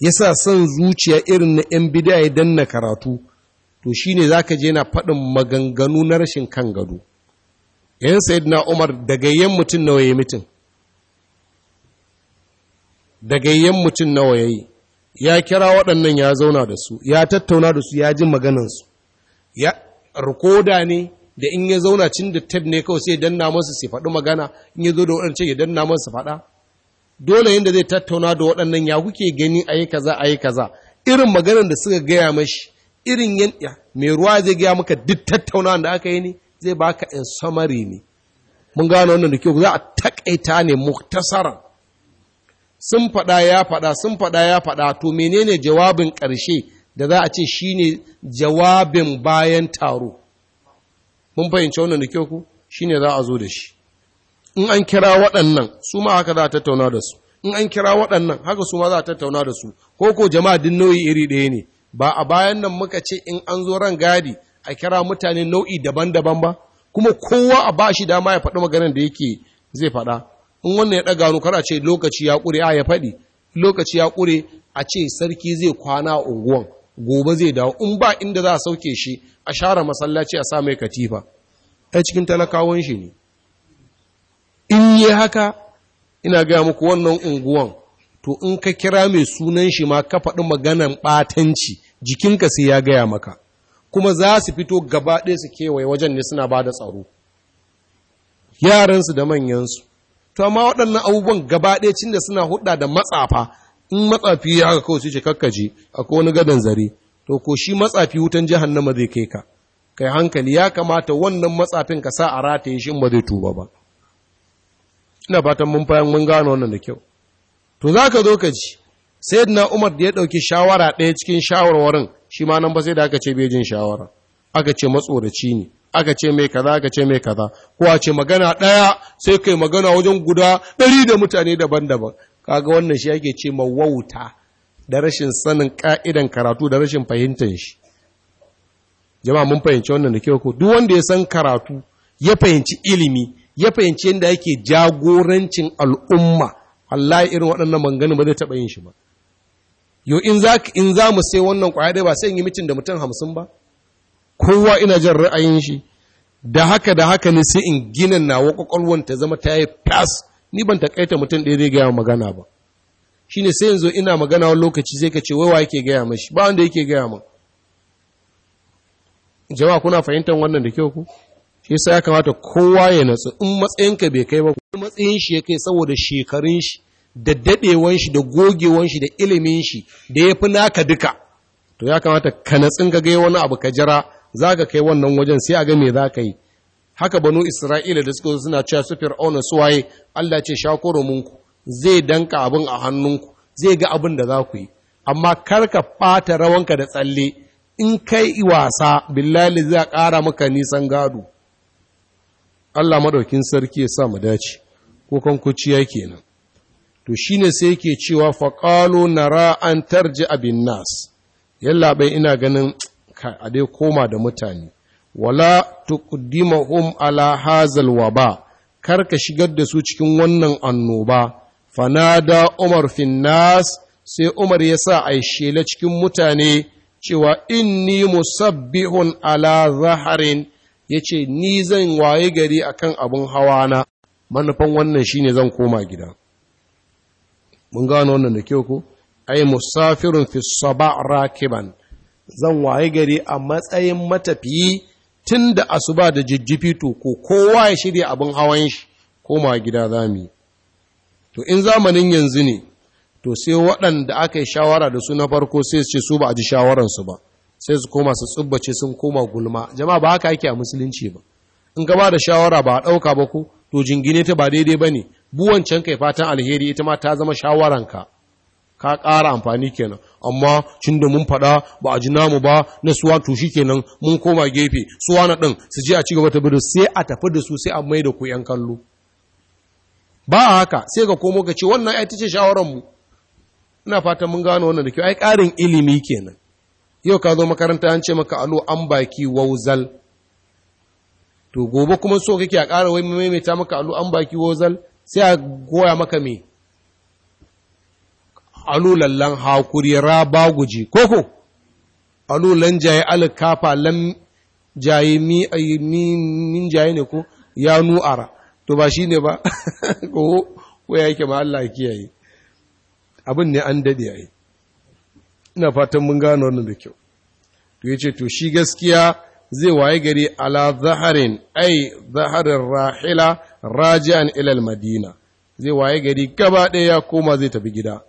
ya sa son zuciya irin na 'yan bid'a ya danna karatu to shi ne za ka je na faɗin maganganu na rashin kan gado yan na Umar daga yan mutum nawa mutum da gayyen mutum nawa ya yi ya kira waɗannan ya zauna da su ya tattauna da su ya ji maganansu ya rikoda ne da in ya zauna cin da tab ne kawai sai danna masu su faɗi magana in ya zo da waɗancan ya danna masu faɗa dole yadda zai tattauna da waɗannan ya kuke gani a yi kaza a yi kaza irin maganar da suka gaya mashi irin yan mai ruwa zai gaya maka duk tattaunawa da aka yi ne zai baka in samari ne mun gano wannan da kyau za a takaita ne muktasaran sun faɗa ya faɗa sun faɗa ya faɗa to menene jawabin ƙarshe da za a ce shine jawabin bayan taro mun fahimci wannan da kyau ku shine za a zo da shi in an kira waɗannan su ma haka za a tattauna da su in an kira waɗannan haka su ma za a tattauna da su ko ko jama'a din nau'i iri ɗaya ne ba a bayan nan muka ce in an zo ran gadi a kira mutane nau'i daban-daban ba kuma kowa a ba shi dama ya faɗi maganar da yake zai faɗa in wannan ya ɗaga nuka kar a ce lokaci ya ƙure a ya faɗi lokaci ya ƙure a ce sarki zai kwana a unguwan gobe zai dawo in ba inda za a sauke shi a share masallaci a sa mai katifa ai cikin talakawan shi ne in yi haka ina gaya muku wannan unguwan to in ka kira mai sunan shi ma ka faɗi maganan ɓatanci jikinka sai ya gaya maka kuma za su fito gaba ɗaya su kewaye wajen ne suna ba da tsaro yaransu da manyansu to amma waɗannan abubuwan gaba ɗaya cin da suna hudda da matsafa in matsafi ya haka kawai sai ce kakkaje akwai wani gadon zare to ko shi matsafi wutan jahannama zai kai ka kai hankali ya kamata wannan matsafin ka sa a rataye shi ba zai tuba ba ina fatan mun fayan mun gano wannan da kyau to za ka zo ka ji sayyidina Umar da ya ɗauki shawara ɗaya cikin shawarwarin shi ma nan ba sai da aka ce bai shawara aka ce matsoraci ne aka ce mai kaza aka ce mai kaza ko a ce magana daya sai kai magana wajen guda ɗari da mutane daban-daban kaga wannan shi ake ce ma wauta da rashin sanin ka'idan karatu da rashin fahimtar shi jama'a mun fahimci wannan da kyau ko duk wanda ya san karatu ya fahimci ilimi ya fahimci yadda yake jagorancin al'umma wallahi irin waɗannan mangani ba zai taɓa yin shi ba yo in za mu sai wannan kwaya dai ba sai in yi mitin da mutum hamsin ba kowa ina jin ra'ayin shi da haka da haka ne sai in gina nawa kwakwalwan ta zama ta yi fas ni ban takaita mutum ɗaya zai gaya magana ba shine sai yanzu ina magana wani lokaci sai ka ce wai wa yake gaya mashi ba wanda yake gaya ma jama'a kuna fahimtar wannan da kyau ku shi sai ya kamata kowa ya natsu in matsayinka bai kai ba matsayin shi ya kai saboda shekarun shi da dadewan shi da gogewan shi da ilimin shi da yafi naka duka to ya kamata ka natsin ka ga wani abu ka jira za ka kai wannan wajen sai a ga me za ka yi haka banu isra'ila da suka suna cewa su fir'auna su waye Allah ce shakoro munku zai danka abin a hannunku zai ga abin da za ku yi amma kar ka ɓata rawanka da tsalle in kai wasa billali zai ƙara maka nisan gado Allah maɗaukin sarki ya sa mu dace ko kan kuciya kenan to shine sai ke cewa faƙalo nara an tarji abin nas yalla ina ganin a dai koma da mutane wala tuqdimahum ala hazal waba kar ka shigar da su cikin wannan annoba fanada umar finnas sai umar ya sa a shela cikin mutane cewa inni musabbihun ala zaharin ya ce ni zan waye gari akan abin hawa na. manufan wannan shine zan koma gida mun gano wannan da kyau ko ai musafirin fi saba rakiban zan waye gari a matsayin matafiyi tun da asuba da jijjifi to ko kowa ya shirya abin hawan shi koma gida za mu yi to in zamanin yanzu ne to sai waɗanda aka yi shawara da su na farko sai su ce su ba a ji shawararsu ba sai su koma su tsubbace sun koma gulma jama'a ba haka yake a musulunci ba in ka ba da shawara ba a ɗauka ba ko to jingine ta ba daidai ba ne buwancan kai fatan alheri ita ma ta zama shawaranka ka ƙara amfani kenan amma cin da mun faɗa ba a ji namu ba na suwa to shi kenan mun koma gefe suwa na ɗin su je a ci gaba ta bido sai a tafi da su sai a mai da ku ‘yan kallo ba a haka sai ga komo ka ce wannan ai tace ce shawararmu ina fata mun gano wannan da kyau ai ƙarin ilimi kenan yau ka zo makaranta an ce maka alo an baki wauzal to gobe kuma so kake a ƙara wai maimaita maka alo an baki wauzal sai a goya maka me alulallan hakuri raba guji koko alulan jaye alkafa lam jaye mi min jaye ne ko ya nu'ara to ba shine ba ko ko yake ma Allah kiyaye abin ne an dade ai ina fatan mun gano wannan da kyau to yace to shi gaskiya zai waye gari ala zaharin ai zaharin rahila raji'an ilal madina zai waye gari gaba ɗaya ya koma zai tafi gida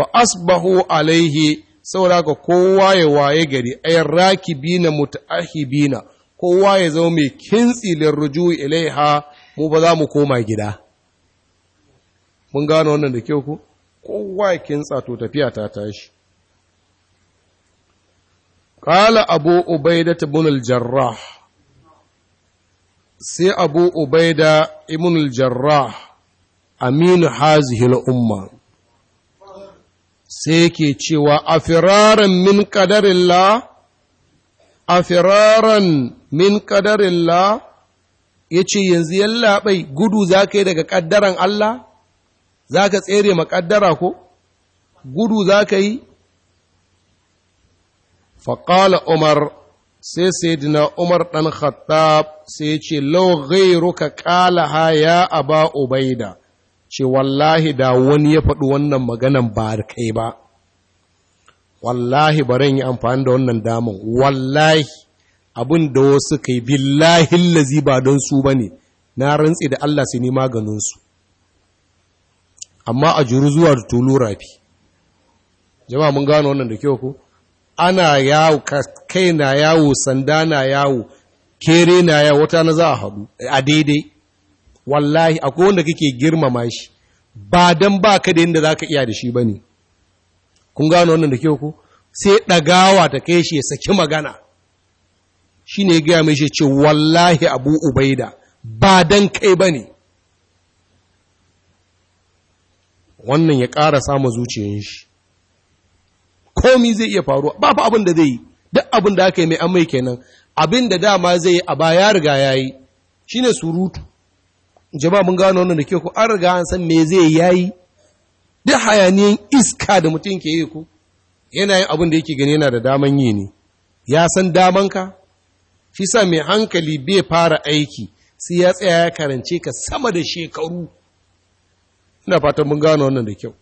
fa asbahu alaihi saboda ga kowa ya waye gari mutu rakibina muta'ahibina kowa ya zama mai kintsi lirruju ilaiha mu ba za mu koma gida mun gano wannan da kyau ku kowa ya kintsa to tafiya ta tashi qala abu ubaida ibn al-jarrah sai abu ubaida ibn al aminu hazihi al-umma sai ke cewa a firaran min La a firaran min La ya ce yanzu yallaɓai gudu za ka yi daga ƙaddaran Allah za ka tsere maƙaddara ko gudu za ka yi faƙala umar sai sayyidina umar ɗan khattab sai ya ce lau ghairuka ƙala ha ya ba ubaida ce wallahi da wani ya faɗi wannan maganan ba da kai ba wallahi baran yi amfani da wannan damar wallahi abin da wasu kai billahi lazi ba don su ba ne na rantsi da Allah sai nima maganinsu amma a juru zuwa da tulu rafi jama mun gano wannan da kyau ku ana yawo kai na yawo sanda na yawo kere na yawo wata na za a haɗu a daidai wallahi akwai wanda kake girmama shi ba dan baka da yanda zaka iya da shi bane kun gano wannan da ke ku? sai ɗagawa ta kai shi ya saki magana shine ya gaya mai shi ce wallahi Abu Ubaida ba dan kai bane wannan ya ƙara samu zuciyar shi komi zai iya faruwa ba fa abin da zai yi duk abin da aka yi mai amai kenan abin da dama zai yi a baya riga ya yi shi ne surutu jama'a mun gano wannan da ke ku an riga an san me zai yayi duk hayaniyan iska da mutum ke yi ku yana yin abin da yake gani yana da daman yi ne ya san daman ka shi sa mai hankali bai fara aiki sai ya tsaya ya karance ka sama da shekaru ina fatan mun gano wannan da kyau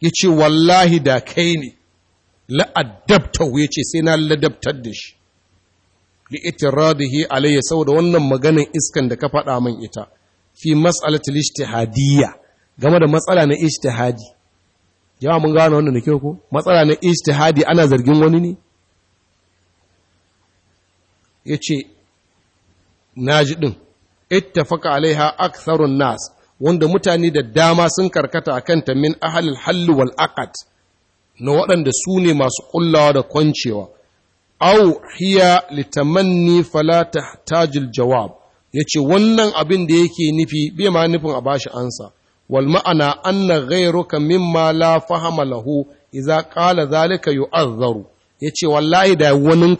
ya ce wallahi da kai ne la'adabtahu ya ce sai na ladabtar da shi radihi alayya da wannan maganin iskan da ka faɗa min ita fi mas'alatul ijtihadiyya game da matsala na ijtihadi yawa mun gano wannan na kyau ko matsala na ijtihadi ana zargin wani ne yace naji din ittafaqa alaiha aktharun nas wanda mutane da dama sun karkata akan ta min ahlil hall wal aqd na waɗanda su ne masu kullawa da kwancewa au hiya litamanni fala tahtajil jawab ya ce wannan abin da yake nufi bai ma nufin a bashi ansa wal ma'ana anna ghayruka mimma la fahama lahu idza qala zalika yu'azzaru yace wallahi da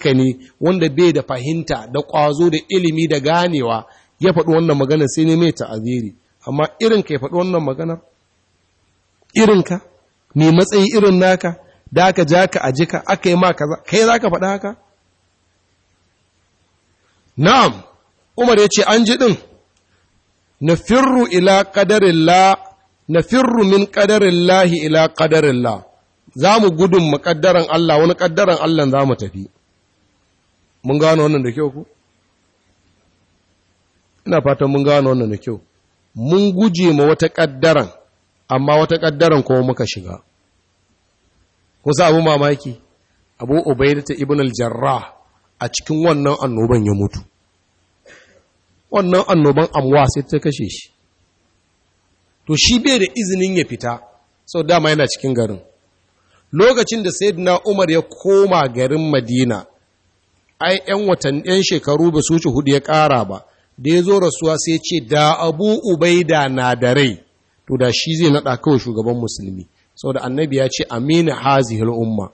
ka ne wanda bai da fahimta da ƙwazo da ilimi da ganewa ya faɗi wannan magana sai ne mai ta'aziri amma irin ka ya faɗi wannan maganar ka ne matsayi irin naka da aka ja ka ajika aka yi ma kaza kai za ka faɗa haka na'am Umar ya ce, An ji ɗin, na firru ila la, na firru min lahi ila la, za mu gudun maƙaddaran Allah, wani ƙaddaran Allah za mu tafi. Mun gano wannan da kyau ku? Ina fatan mun gano wannan da kyau. Mun guje ma wata ƙaddaran, amma wata ƙaddaran kuma muka shiga. Kusa abu mamaki, abu Ubaidata ibn al-Jarrah a cikin wannan annoban ya mutu. wannan annoban Amuwa sai ta kashe shi to shi bai da izinin ya fita sau dama yana cikin garin lokacin da sayyidina umar ya koma garin madina ai yan watan yan shekaru ba su hudu ya ƙara ba da ya zo rasuwa sai ce da abu ubaida na da rai to da shi zai naɗa kawai shugaban musulmi saboda annabi ya ce amina hazihil umma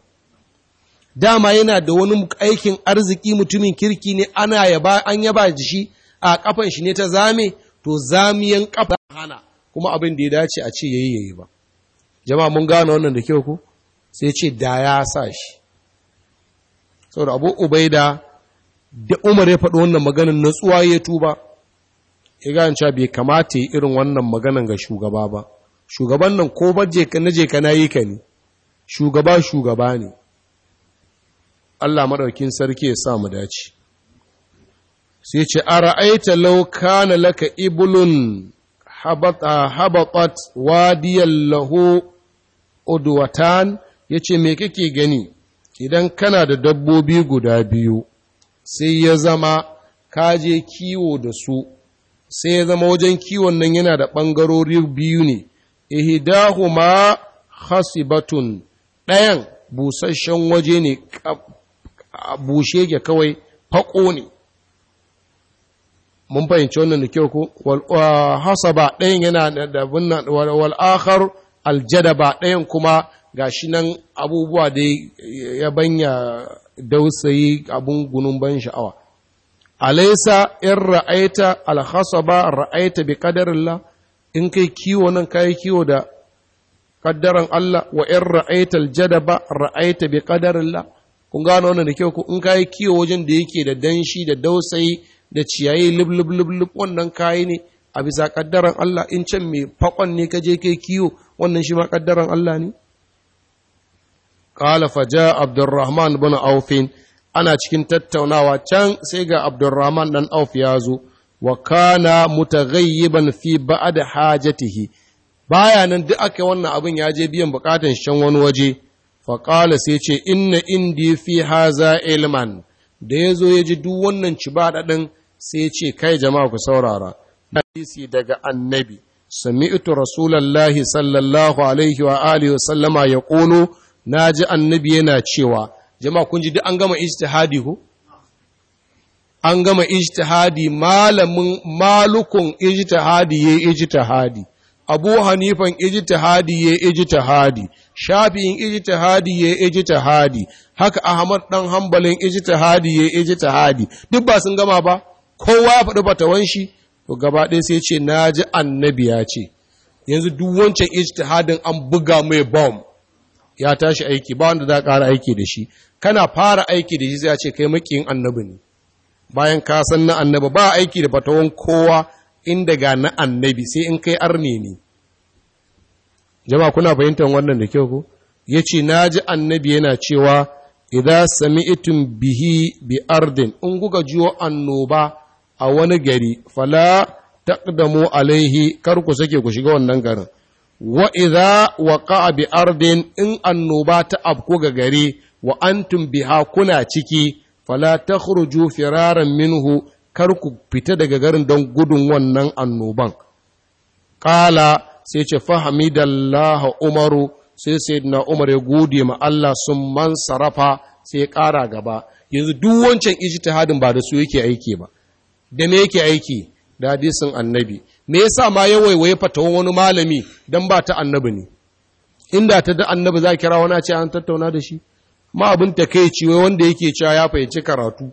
dama yana da wani aikin arziki mutumin kirki ne ana yaba an yaba da shi a kafan shi ne ta zame to zamiyan kafa hana kuma abin da ya dace a ce yayi yayi ba jama'a mun gane wannan da kyau ko sai ce da ya sa shi saboda Abu Ubaida da Umar ya faɗi wannan maganar natsuwa ya tuba ya gane cewa bai kamata yi irin wannan maganar ga shugaba ba shugaban nan ko ba je na je na yi ka ne shugaba shugaba ne Allah maɗaukin sarki ya sa mu dace sai ce a ra'aita lauka na laka ibulun habatat wadiyar laho udwatan ya ce me kake gani idan kana da dabbobi guda biyu sai ya zama kaje kiwo da su sai ya zama wajen kiwon nan yana da ɓangarori biyu ne ma hasibatun ɗayan busasshen waje ne bushe kawai faƙo ne mun fahimci wannan da kyau ko hasaba ɗayan yana da bunnan wal akhar aljadaba ɗayan kuma gashi nan abubuwa da ya banya dausayi abun gunun ban sha'awa alaisa in ra'aita alhasaba ra'aita bi qadarillah in kai kiwo nan kai kiwo da kaddaran Allah wa in ra'aita aljadaba ra'aita bi qadarillah kun gano wannan da kyau ko in kai kiwo wajen da yake da danshi da dausayi da ciyayi lub-lub-lub wannan kayi ne a bisa kaddaran Allah in can mai fakon ne kaje je kai kiwo wannan shi ma kaddaran Allah ne ƙala faja abdurrahman bin aufin ana cikin tattaunawa can sai ga abdurrahman ɗan auf ya zo wa kana ban fi da hajatihi baya nan duk aka wannan abin ya je biyan bukatan shan wani waje faƙala sai ce inna indi fi haza ilman da ya zo ya ji duk wannan ɗaɗin sai ce kai jama'a ku saurara hadisi daga annabi sami'tu rasulallahi sallallahu alaihi wa alihi sallama ya kono naji annabi yana cewa jama'a kun ji duk an gama ijtihadi ko an gama ijtihadi malamin malukun ijtihadi yayi ijtihadi abu hanifan ijtihadi ya ijtihadi shafi'in ijtihadi ya ijtihadi haka ahmad dan hanbalin ijtihadi ya ijtihadi duk ba sun gama ba kowa ya faɗi fatawan shi to gaba ɗaya sai ce na ji annabi ya ce yanzu duk wancan ijtihadin an buga mai bom ya tashi aiki ba wanda za ka ƙara aiki da shi kana fara aiki da shi sai ya ce kai makiyin annabi ne bayan ka san na annabi ba aiki da fatawan kowa inda ga na annabi sai in kai arne ne jama'a kuna fahimtar wannan da kyau ko na ji annabi yana cewa idan sami itin bihi bi ardin in kuka jiyo annoba a wani gari fala taqdamu alaihi kar ku sake ku shiga wannan garin wa idza waqa'a bi ardin in annoba ta abko ga gari wa antum biha kuna ciki fala takhruju firaran minhu kar ku fita daga garin don gudun wannan annoban Ƙala sai ce fahamidallahu umaru sai sayyidina umar ya gode ma Allah sun man sarafa sai ya ƙara gaba yanzu duk wancan ijtihadin ba da su yake aiki ba da me yake aiki da hadisin annabi me yasa ma ya waiwaye fata wani malami dan ba ta annabi ne inda ta da annabi za kira wani ce an tattauna da shi ma abin kai wai wanda yake cewa ya fahimci karatu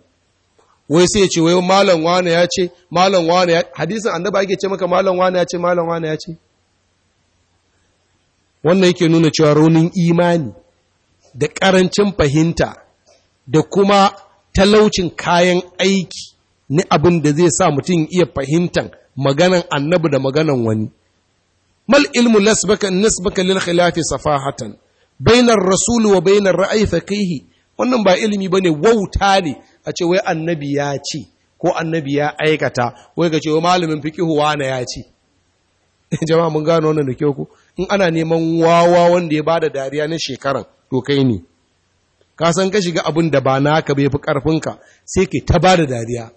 wai sai ya ce wai malam wani ya ce malam wani ya hadisin annabi ake ce maka malam wani ya ce malam wani ya ce wannan yake nuna cewa raunin imani da ƙarancin fahimta da kuma talaucin kayan aiki ni abin da zai sa mutum iya fahimtan maganan annabi da maganan wani mal ilmu lasbaka nasbaka lil khilafi safahatan bainar rasul wa bainar ra'ayi fakihi wannan ba ilimi bane wauta ne a ce wai annabi ya ce ko annabi ya aikata wai ga ce wai malamin fiqihu na ya ce jama'a mun gano wannan da kyau ku in ana neman wawa wanda ya bada dariya na shekaran to kai ne ka san ka shiga abin da ba naka bai fi karfinka sai ke ta bada dariya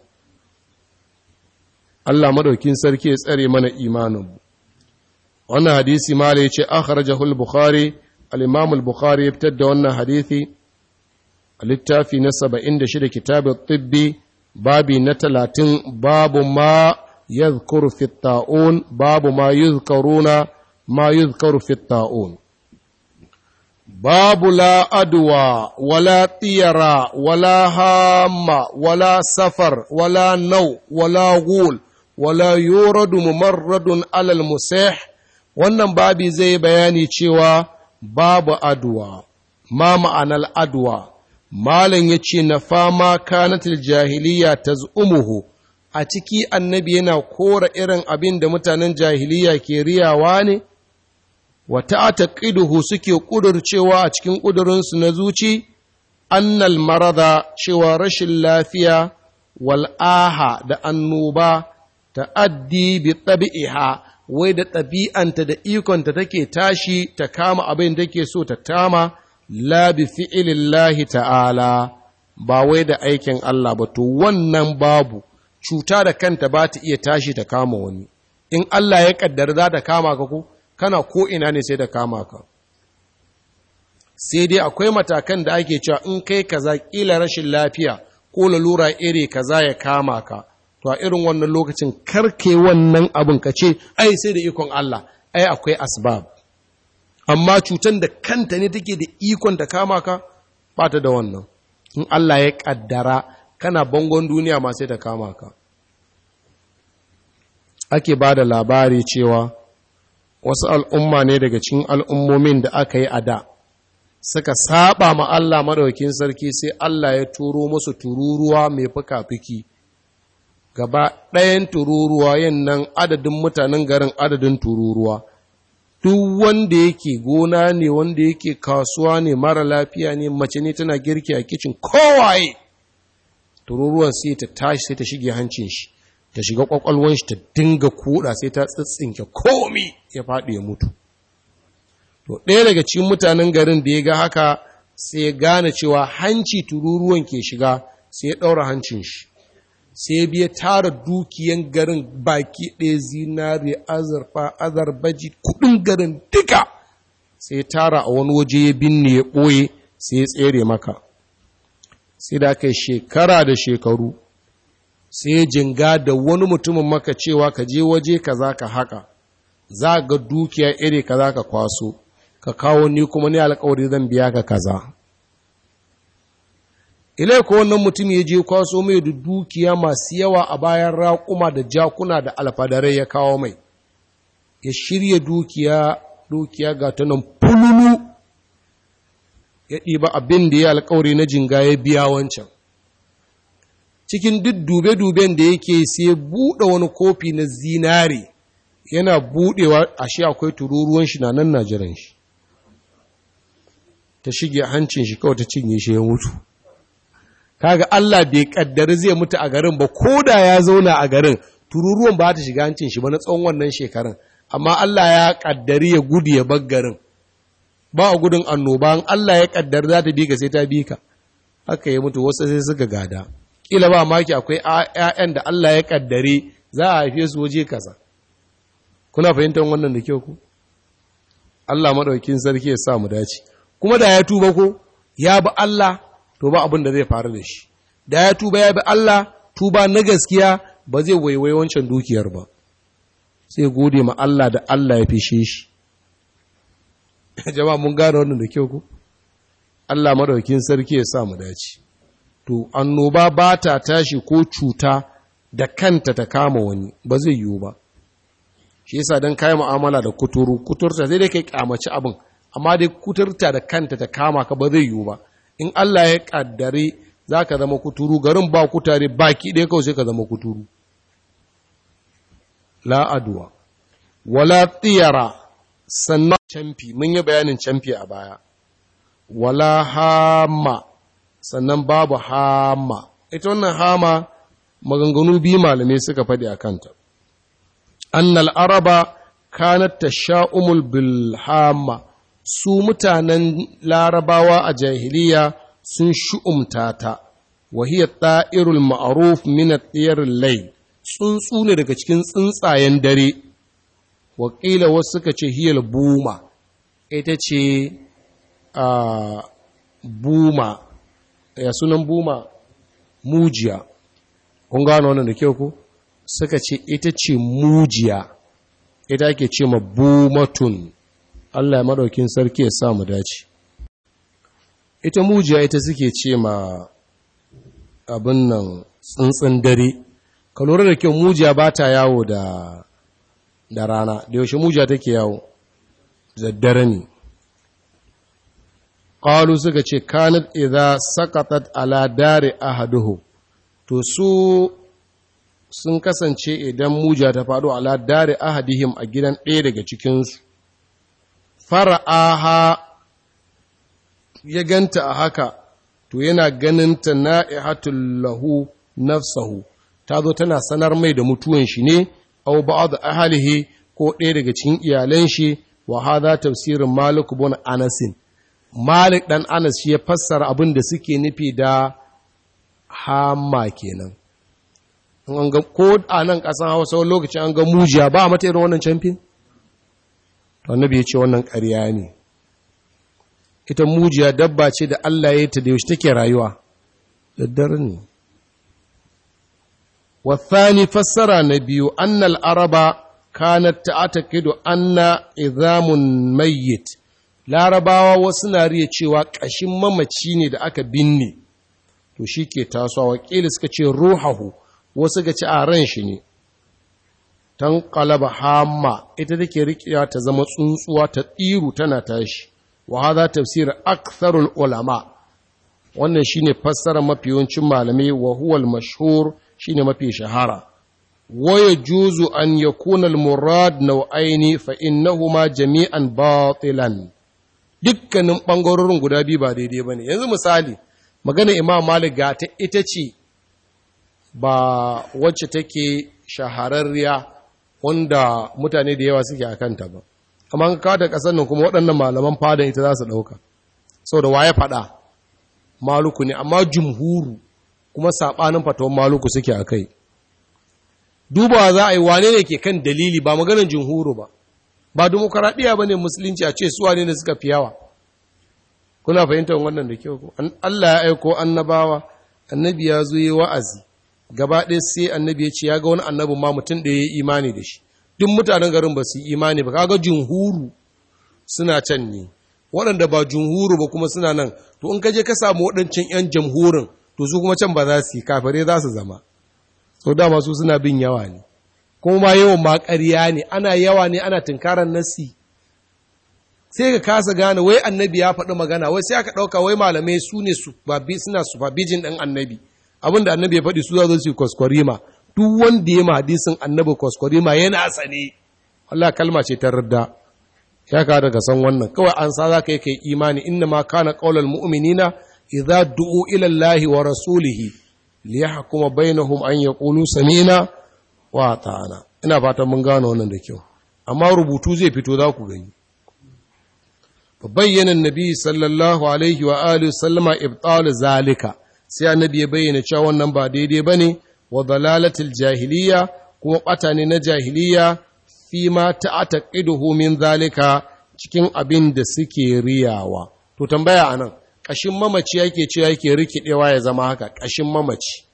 Allah madaukin sarki ya tsare mana imaninmu wannan hadisi mala yace akhrajahu al-bukhari al-imam al-bukhari ya fitar da wannan hadisi a littafi na 76 kitabut tibbi babi na 30 babu ma yadhkuru fi ta'un babu ma yuzkaruna ma yuzkaru fi ta'un babu la adwa wala tiyara wala hamma wala safar wala nau wala ghul wala yuradu mumarradun alal musih wannan babi zai bayani cewa babu adwa ma ma'anar adwa malam yace na fama kanatil jahiliya tazumuhu a ciki annabi yana kora irin abin da mutanen jahiliya ke riyawa ne wa ta'taqiduhu suke ƙudurcewa a cikin ƙudurinsu na zuci annal marada cewa rashin lafiya wal'aha da annoba ta'addi bi tabi'iha wai da ɗabi'anta da ikonta take tashi ta kama abin da take so ta tama, la bi fi'ilillahi ta'ala ba wai da aikin Allah ba to wannan babu cuta da kanta ba ta iya tashi ta kama wani in Allah ya kaddara za ta kama ka ko kana ko ina ne sai da kama ka sai dai akwai matakan da ake cewa in kai kaza kila rashin lafiya ko lalura iri kaza ya kama ka to a irin wannan lokacin karke wannan abin ka ce ai sai da ikon Allah ai akwai asbab amma cutar da kanta ne take da ikon ta kama ka ba da wannan in Allah ya kaddara kana bangon duniya ma sai ta kama ka ake ba da labari cewa wasu al'umma ne daga cikin al'ummomin da aka yi a da suka saba ma Allah maɗaukin sarki sai Allah ya turo musu tururuwa mai fuka-fuki gaba ɗayan tururuwa yin nan adadin mutanen garin adadin tururuwa duk wanda yake gona ne wanda yake kasuwa ne mara lafiya ne mace ne tana girki a kicin kowaye tururuwan sai ta tashi sai ta shige hancin shi ta shiga kwakwalwan shi ta dinga kuɗa sai ta tsitsinke komi ya faɗi ya mutu to ɗaya daga cikin mutanen garin da ya ga haka sai ya gane cewa hanci tururuwan ke shiga sai ya ɗaura hancin shi sai biya tara dukiyan garin baki ɗaya zinari azurfa azarbaji kudin garin duka sai tara a wani waje ya binne ya ɓoye sai ya tsere maka sai da aka shekara da shekaru sai ya jinga da wani mutumin maka cewa ka je waje ka za ka haka za ga dukiya iri ka za ka kwaso ka kawo ni kuma ni alkawari zan biya ka kaza ilai ko wannan mutum ya je kwaso mai da dukiya masu yawa a bayan raƙuma da jakuna da alfadarai ya kawo mai ya shirya dukiya dukiya ga ta nan fululu ya ɗiba abin da ya alkawari na jinga ya biya wancan cikin duk dube-duben da yake sai ya buɗe wani kofi na zinare yana buɗewa a shi akwai tururuwan shi na nan na jiran shi ta shige hancin shi kawai ta cinye shi ya mutu kaga Allah bai kaddari zai mutu a garin ba ko da ya zauna a garin tururuwan ba ta shiga hancin shi ba na tsawon wannan shekarun amma Allah ya kaddari ya gudu ya bar garin ba a gudun annoba Allah ya kaddar za ta bi ka sai ta bi ka haka ya mutu wasu sai suka gada kila ba maki akwai ƴaƴan da Allah ya kaddare za a haife su waje kaza kuna fahimtar wannan da kyau ku Allah madaukin sarki ya sa mu dace kuma da ya tuba ko ya bi Allah to ba abin da zai faru da shi da ya tuba ya bi Allah tuba na gaskiya ba zai waiwai wancan dukiyar ba sai gode ma Allah da Allah ya fishe shi jama'a mun gane wannan da kyau ku Allah madaukin sarki ya sa mu dace to annoba ba ta tashi ko cuta da kanta ta kama wani ba zai yiwu ba shi yasa dan kai mu'amala da kuturu kuturta sai dai kai kyamaci abin amma dai kuturta da kanta ta kama ka ba zai yiwu ba in Allah ya kaddare za ka zama kuturu garin ba kutare baki ɗaya kawai sai ka zama kuturu la wala tiyara sannan canfi mun yi bayanin canfi a baya wala hama sannan babu hama ita wannan hama maganganu biyu malamai suka faɗi a kanta annal araba kanat tasha'umul bil hama su mutanen larabawa a jahiliya sun shu'umta ta wahiyar ta'irul ma'aruf minat tsiyarin lai tsuntsu ne daga cikin tsuntsayen dare wakila wasu suka ce hiyar buma ita ce a buma ya sunan buma mujiya kun gano wannan da kyau ku suka ce ita ce mujiya ita ke ce ma bumatun Allah ya maɗaukin sarki ya sa mu dace ita mujiya ita suke ce ma abin nan tsuntsun dare ka lura da kyau mujiya ba ta yawo da da rana da yaushe mujiya take yawo da dare ne qalu suka ce kanat idza sakatat ala dari ahaduhu to su sun kasance idan mujiya ta faɗo ala dari ahadihim a gidan ɗaya daga cikinsu fara'aha ya ganta a haka to yana ganinta na'ihatul lahu nafsahu ta zo tana sanar mai da mutuwan shi ne aw da ahlihi ko ɗaya daga cikin iyalan shi wa hadha tafsirin malik ibn anasin. malik dan anas shi ya fassara abin da suke nufi da hama kenan ko a nan ƙasan hausa lokacin lokaci an ga mujiya ba mata irin wannan camfin to annabi ya ce wannan ƙarya ne ita mujiya dabba ce da Allah ya ta da yaushe take rayuwa daddare ne والثاني فسر نبي أن العرب كانت تعتقد anna izamun mayyit larabawa wasu na riya cewa ƙashin mamaci ne da aka binne to shi ke tasowa wakili suka ce ruhahu wasu ga ci a ran shi ne tan qalaba hamma ita take rikiya ta zama tsuntsuwa ta tsiru tana tashi wa hadha tafsir aktharul ulama wannan shine fassara mafi yawancin malamai wa huwa al-mashhur shine mafi shahara wa yajuzu an yakuna al-murad naw'aini fa innahuma jami'an batilan dukkanin bangarorin guda biyu ba daidai bane yanzu misali magana imam malik ga ta ita ce ba wacce take shahararriya wanda mutane da yawa suke a kanta ba amma ka da ƙasar nan kuma waɗannan malaman fadan ita za su ɗauka da waye faɗa maluku ne amma jumhuru kuma saɓanin fatawan maluku suke a kai dubawa za a yi wane ne ke kan dalili ba maganin jumhuru ba ba dimokuraɗiyya ba ne musulunci a ce su wane ne suka fi yawa kuna fahimtar wannan da kyau Allah ya aiko annabawa annabi ya zo yi wa'azi gaba ɗaya sai annabi ya ce ya ga wani annabin ma mutum da ya yi imani da shi duk mutanen garin ba su yi imani ba kaga jumhuru suna can ne waɗanda ba jumhuru ba kuma suna nan to in ka je ka samu waɗancan 'yan jamhurin to su kuma can ba za su yi kafare za su zama sau dama su suna bin yawa ne kuma ma yawan ma ƙarya ne ana yawa ne ana tunkarar nasi sai ka kasa gane wai annabi ya faɗi magana wai sai aka ɗauka wai malamai su ne suna supervision ɗin annabi abinda annabi ya faɗi su za su yi kwaskwarima duk wanda ya ma hadisin annabi kwaskwarima yana tsane. Allah kalma ce ta radda ya ka daga san wannan kawai an sa zaka yake imani inna ma kana qaulal mu'minina idza du'u ila Allahi wa rasulihi liyahkuma bainahum an yaqulu sami'na wa ta'ana ina fatan mun gano wannan da kyau amma rubutu zai fito za ku gani bayyana annabi sallallahu alaihi wa alihi sallama ibtal zalika sai annabi ya bayyana cewa wannan ba daidai bane wa dalalatul jahiliya kuma batani na jahiliya fi ma ta'taqiduhu min zalika cikin abin da suke riyawa to tambaya anan ƙashin mamaci yake cewa yake rikidewa ya zama haka ƙashin mamaci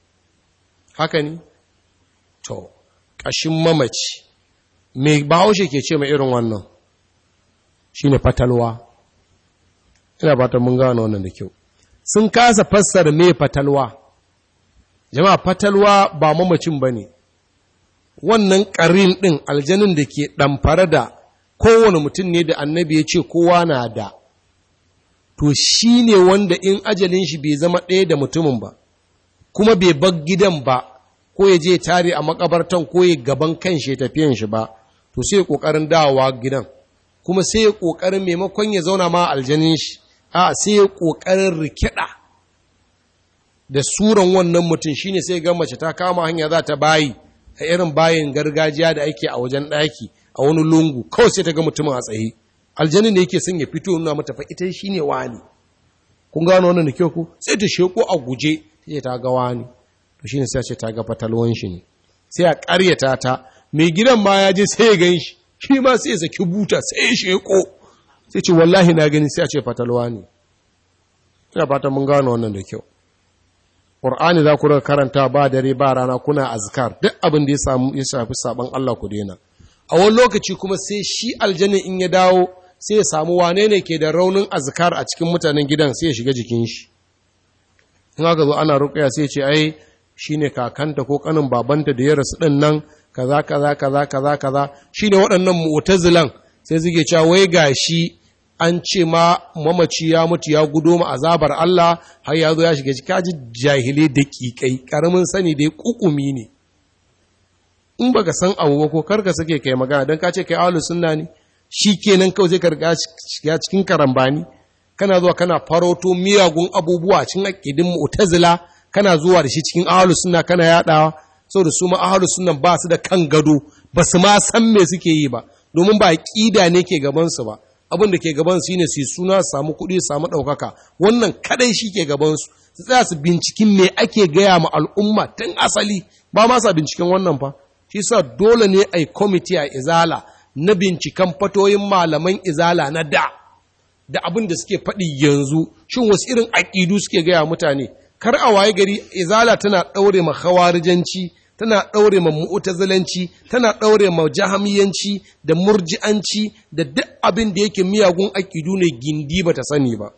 haka ne to ƙashin mamaci me bahaushe ke ce mai irin wannan shine fatalwa ina fatan mun gano wannan da kyau sun kasa fassara me fatalwa jama'a fatalwa ba mamacin ba ne wannan ƙarin ɗin aljanin da ke ɗamfare da kowane mutum ne da annabi ya ce kowa na da to shi ne wanda in ajalin shi bai zama ɗaya da mutumin ba kuma bai bar gidan ba ko ya je tare a makabartan ko ya gaban kan shi tafiyan shi ba to sai ƙoƙarin dawowa gidan kuma sai ya ƙoƙarin maimakon ya zauna ma aljanin shi a sai ya ƙoƙarin rikida da suran wannan mutum shine sai ga mace ta kama hanya za ta bayi a irin bayin gargajiya da ake a wajen ɗaki a wani lungu kawai sai ta ga mutumin a tsaye aljanin da yake son ya fito nuna mata fa ita shine wani kun gano wannan da kyau ku sai ta sheko a guje ta ta ga wani to shine sai ce ta ga fatalwan shi ne sai a ƙaryata ta mai gidan ma ya je sai ya gan shi shi ma sai ya saki buta sai ya sheko sai ce wallahi na gani sai a ce fatalwa ne ina fata mun gano wannan da kyau Qur'ani za ku karanta ba dare ba rana kuna azkar duk abin da ya samu ya shafi saban Allah ku daina a wani lokaci kuma sai shi aljanna in ya dawo sai ya samu wane ne ke da raunin azkar a cikin mutanen gidan sai ya shiga jikin shi in aka zo ana ruqya sai ya ce ai shine kakanta ko kanin babanta da ya rasu din nan kaza kaza kaza kaza kaza shine waɗannan mu'tazilan sai zuke cewa wai ga shi an ce ma mamaci ya mutu ya gudo ma azabar Allah har ya zo ya shiga cikin kaji jahile da kikai karamin sani dai kukumi ne in baka san abu ba ko karka sake kai magana don ka ce kai ahlus sunna ne kenan kawai sai karga shiga cikin karambani kana zuwa kana faroto miyagun abubuwa cikin aqidin mu'tazila kana zuwa da shi cikin ahlus sunna kana yaɗawa saboda su ma ahlus ba su da kan gado ba su ma san me suke yi ba domin ba ƙida ne ke gabansu ba abin da ke gaban su ne su suna samu kuɗi samu ɗaukaka wannan kaɗai shi ke gabansu su tsaya su binciken me ake gaya ma al'umma tun asali ba ma sa binciken wannan fa shi sa dole ne a kwamiti a izala na binciken fatoyin malaman izala na da da abin da suke faɗi yanzu shin wasu irin aƙidu suke gaya mutane kar a waye gari izala tana ɗaure ma tana ɗaure ma mu'tazilanci tana ɗaure ma jahamiyanci da murji'anci da duk abin da yake miyagun aƙidu ne gindi ba ta sani ba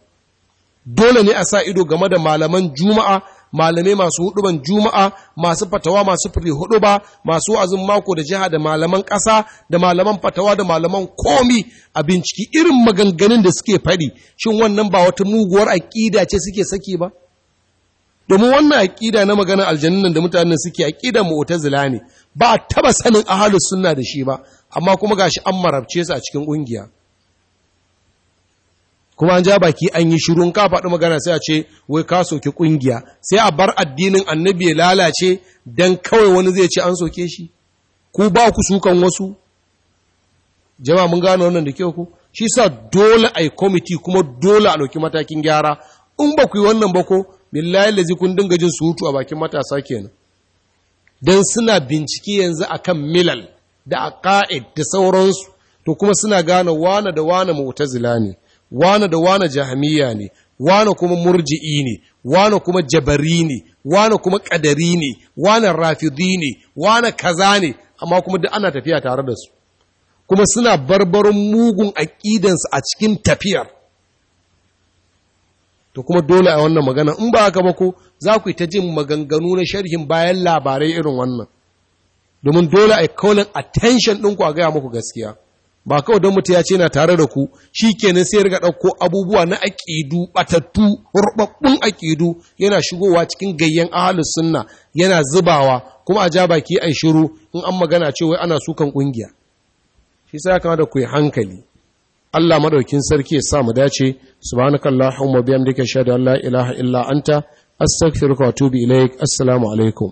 dole ne a sa ido game da malaman juma'a malamai masu ban juma'a masu fatawa masu fure ba masu wa'azin mako da jiha da malaman ƙasa da malaman fatawa da malaman komi a binciki irin maganganun da suke faɗi shin wannan ba wata muguwar aƙida ce suke saki ba domin wannan aƙida na maganar aljannan da mutanen suke aƙidan mu'tazila ne ba a taba sanin ahalus sunna da shi ba amma kuma gashi an marabce su a cikin ƙungiya kuma an ja baki an yi shiru ka faɗi magana sai a ce wai ka soke ƙungiya sai a bar addinin annabi ya lalace dan kawai wani zai ce an soke shi ku ba ku sukan wasu jama'a mun gano wannan da kyau ku shi sa dole a yi kwamiti kuma dole a ɗauki matakin gyara in ba ku yi wannan ba ko billahi lazi kun dinga jin surutu a bakin matasa kenan dan suna bincike yanzu akan milal da aqaid da sauransu to kuma suna gane wane da wane mu'tazila ne wane da wane jahmiya ne wane kuma murji'i ne wane kuma jabari ne wane kuma kadari ne wane rafidi ne wane kaza ne amma kuma duk ana tafiya tare da su kuma suna barbarin mugun aƙidansu a cikin tafiyar to kuma dole a wannan magana in ba haka ba ko za ku yi ta jin maganganu na sharhin bayan labarai irin wannan domin dole a kaulin attention ɗinku a gaya muku gaskiya ba kawai don mutu ya ce na tare da ku shi kenan sai riga ɗauko abubuwa na aƙidu ɓatattu ruɓaɓɓun aƙidu yana shigowa cikin gayyen ahalus sunna yana zubawa kuma a ja baki an shiru in an magana cewa ana sukan ƙungiya shi sa ya da ku yi hankali Allah madaukin sarki ya sa mu dace subhanakallahumma bihamdika shada la ilaha illa anta astaghfiruka wa atubu ilaik assalamu alaikum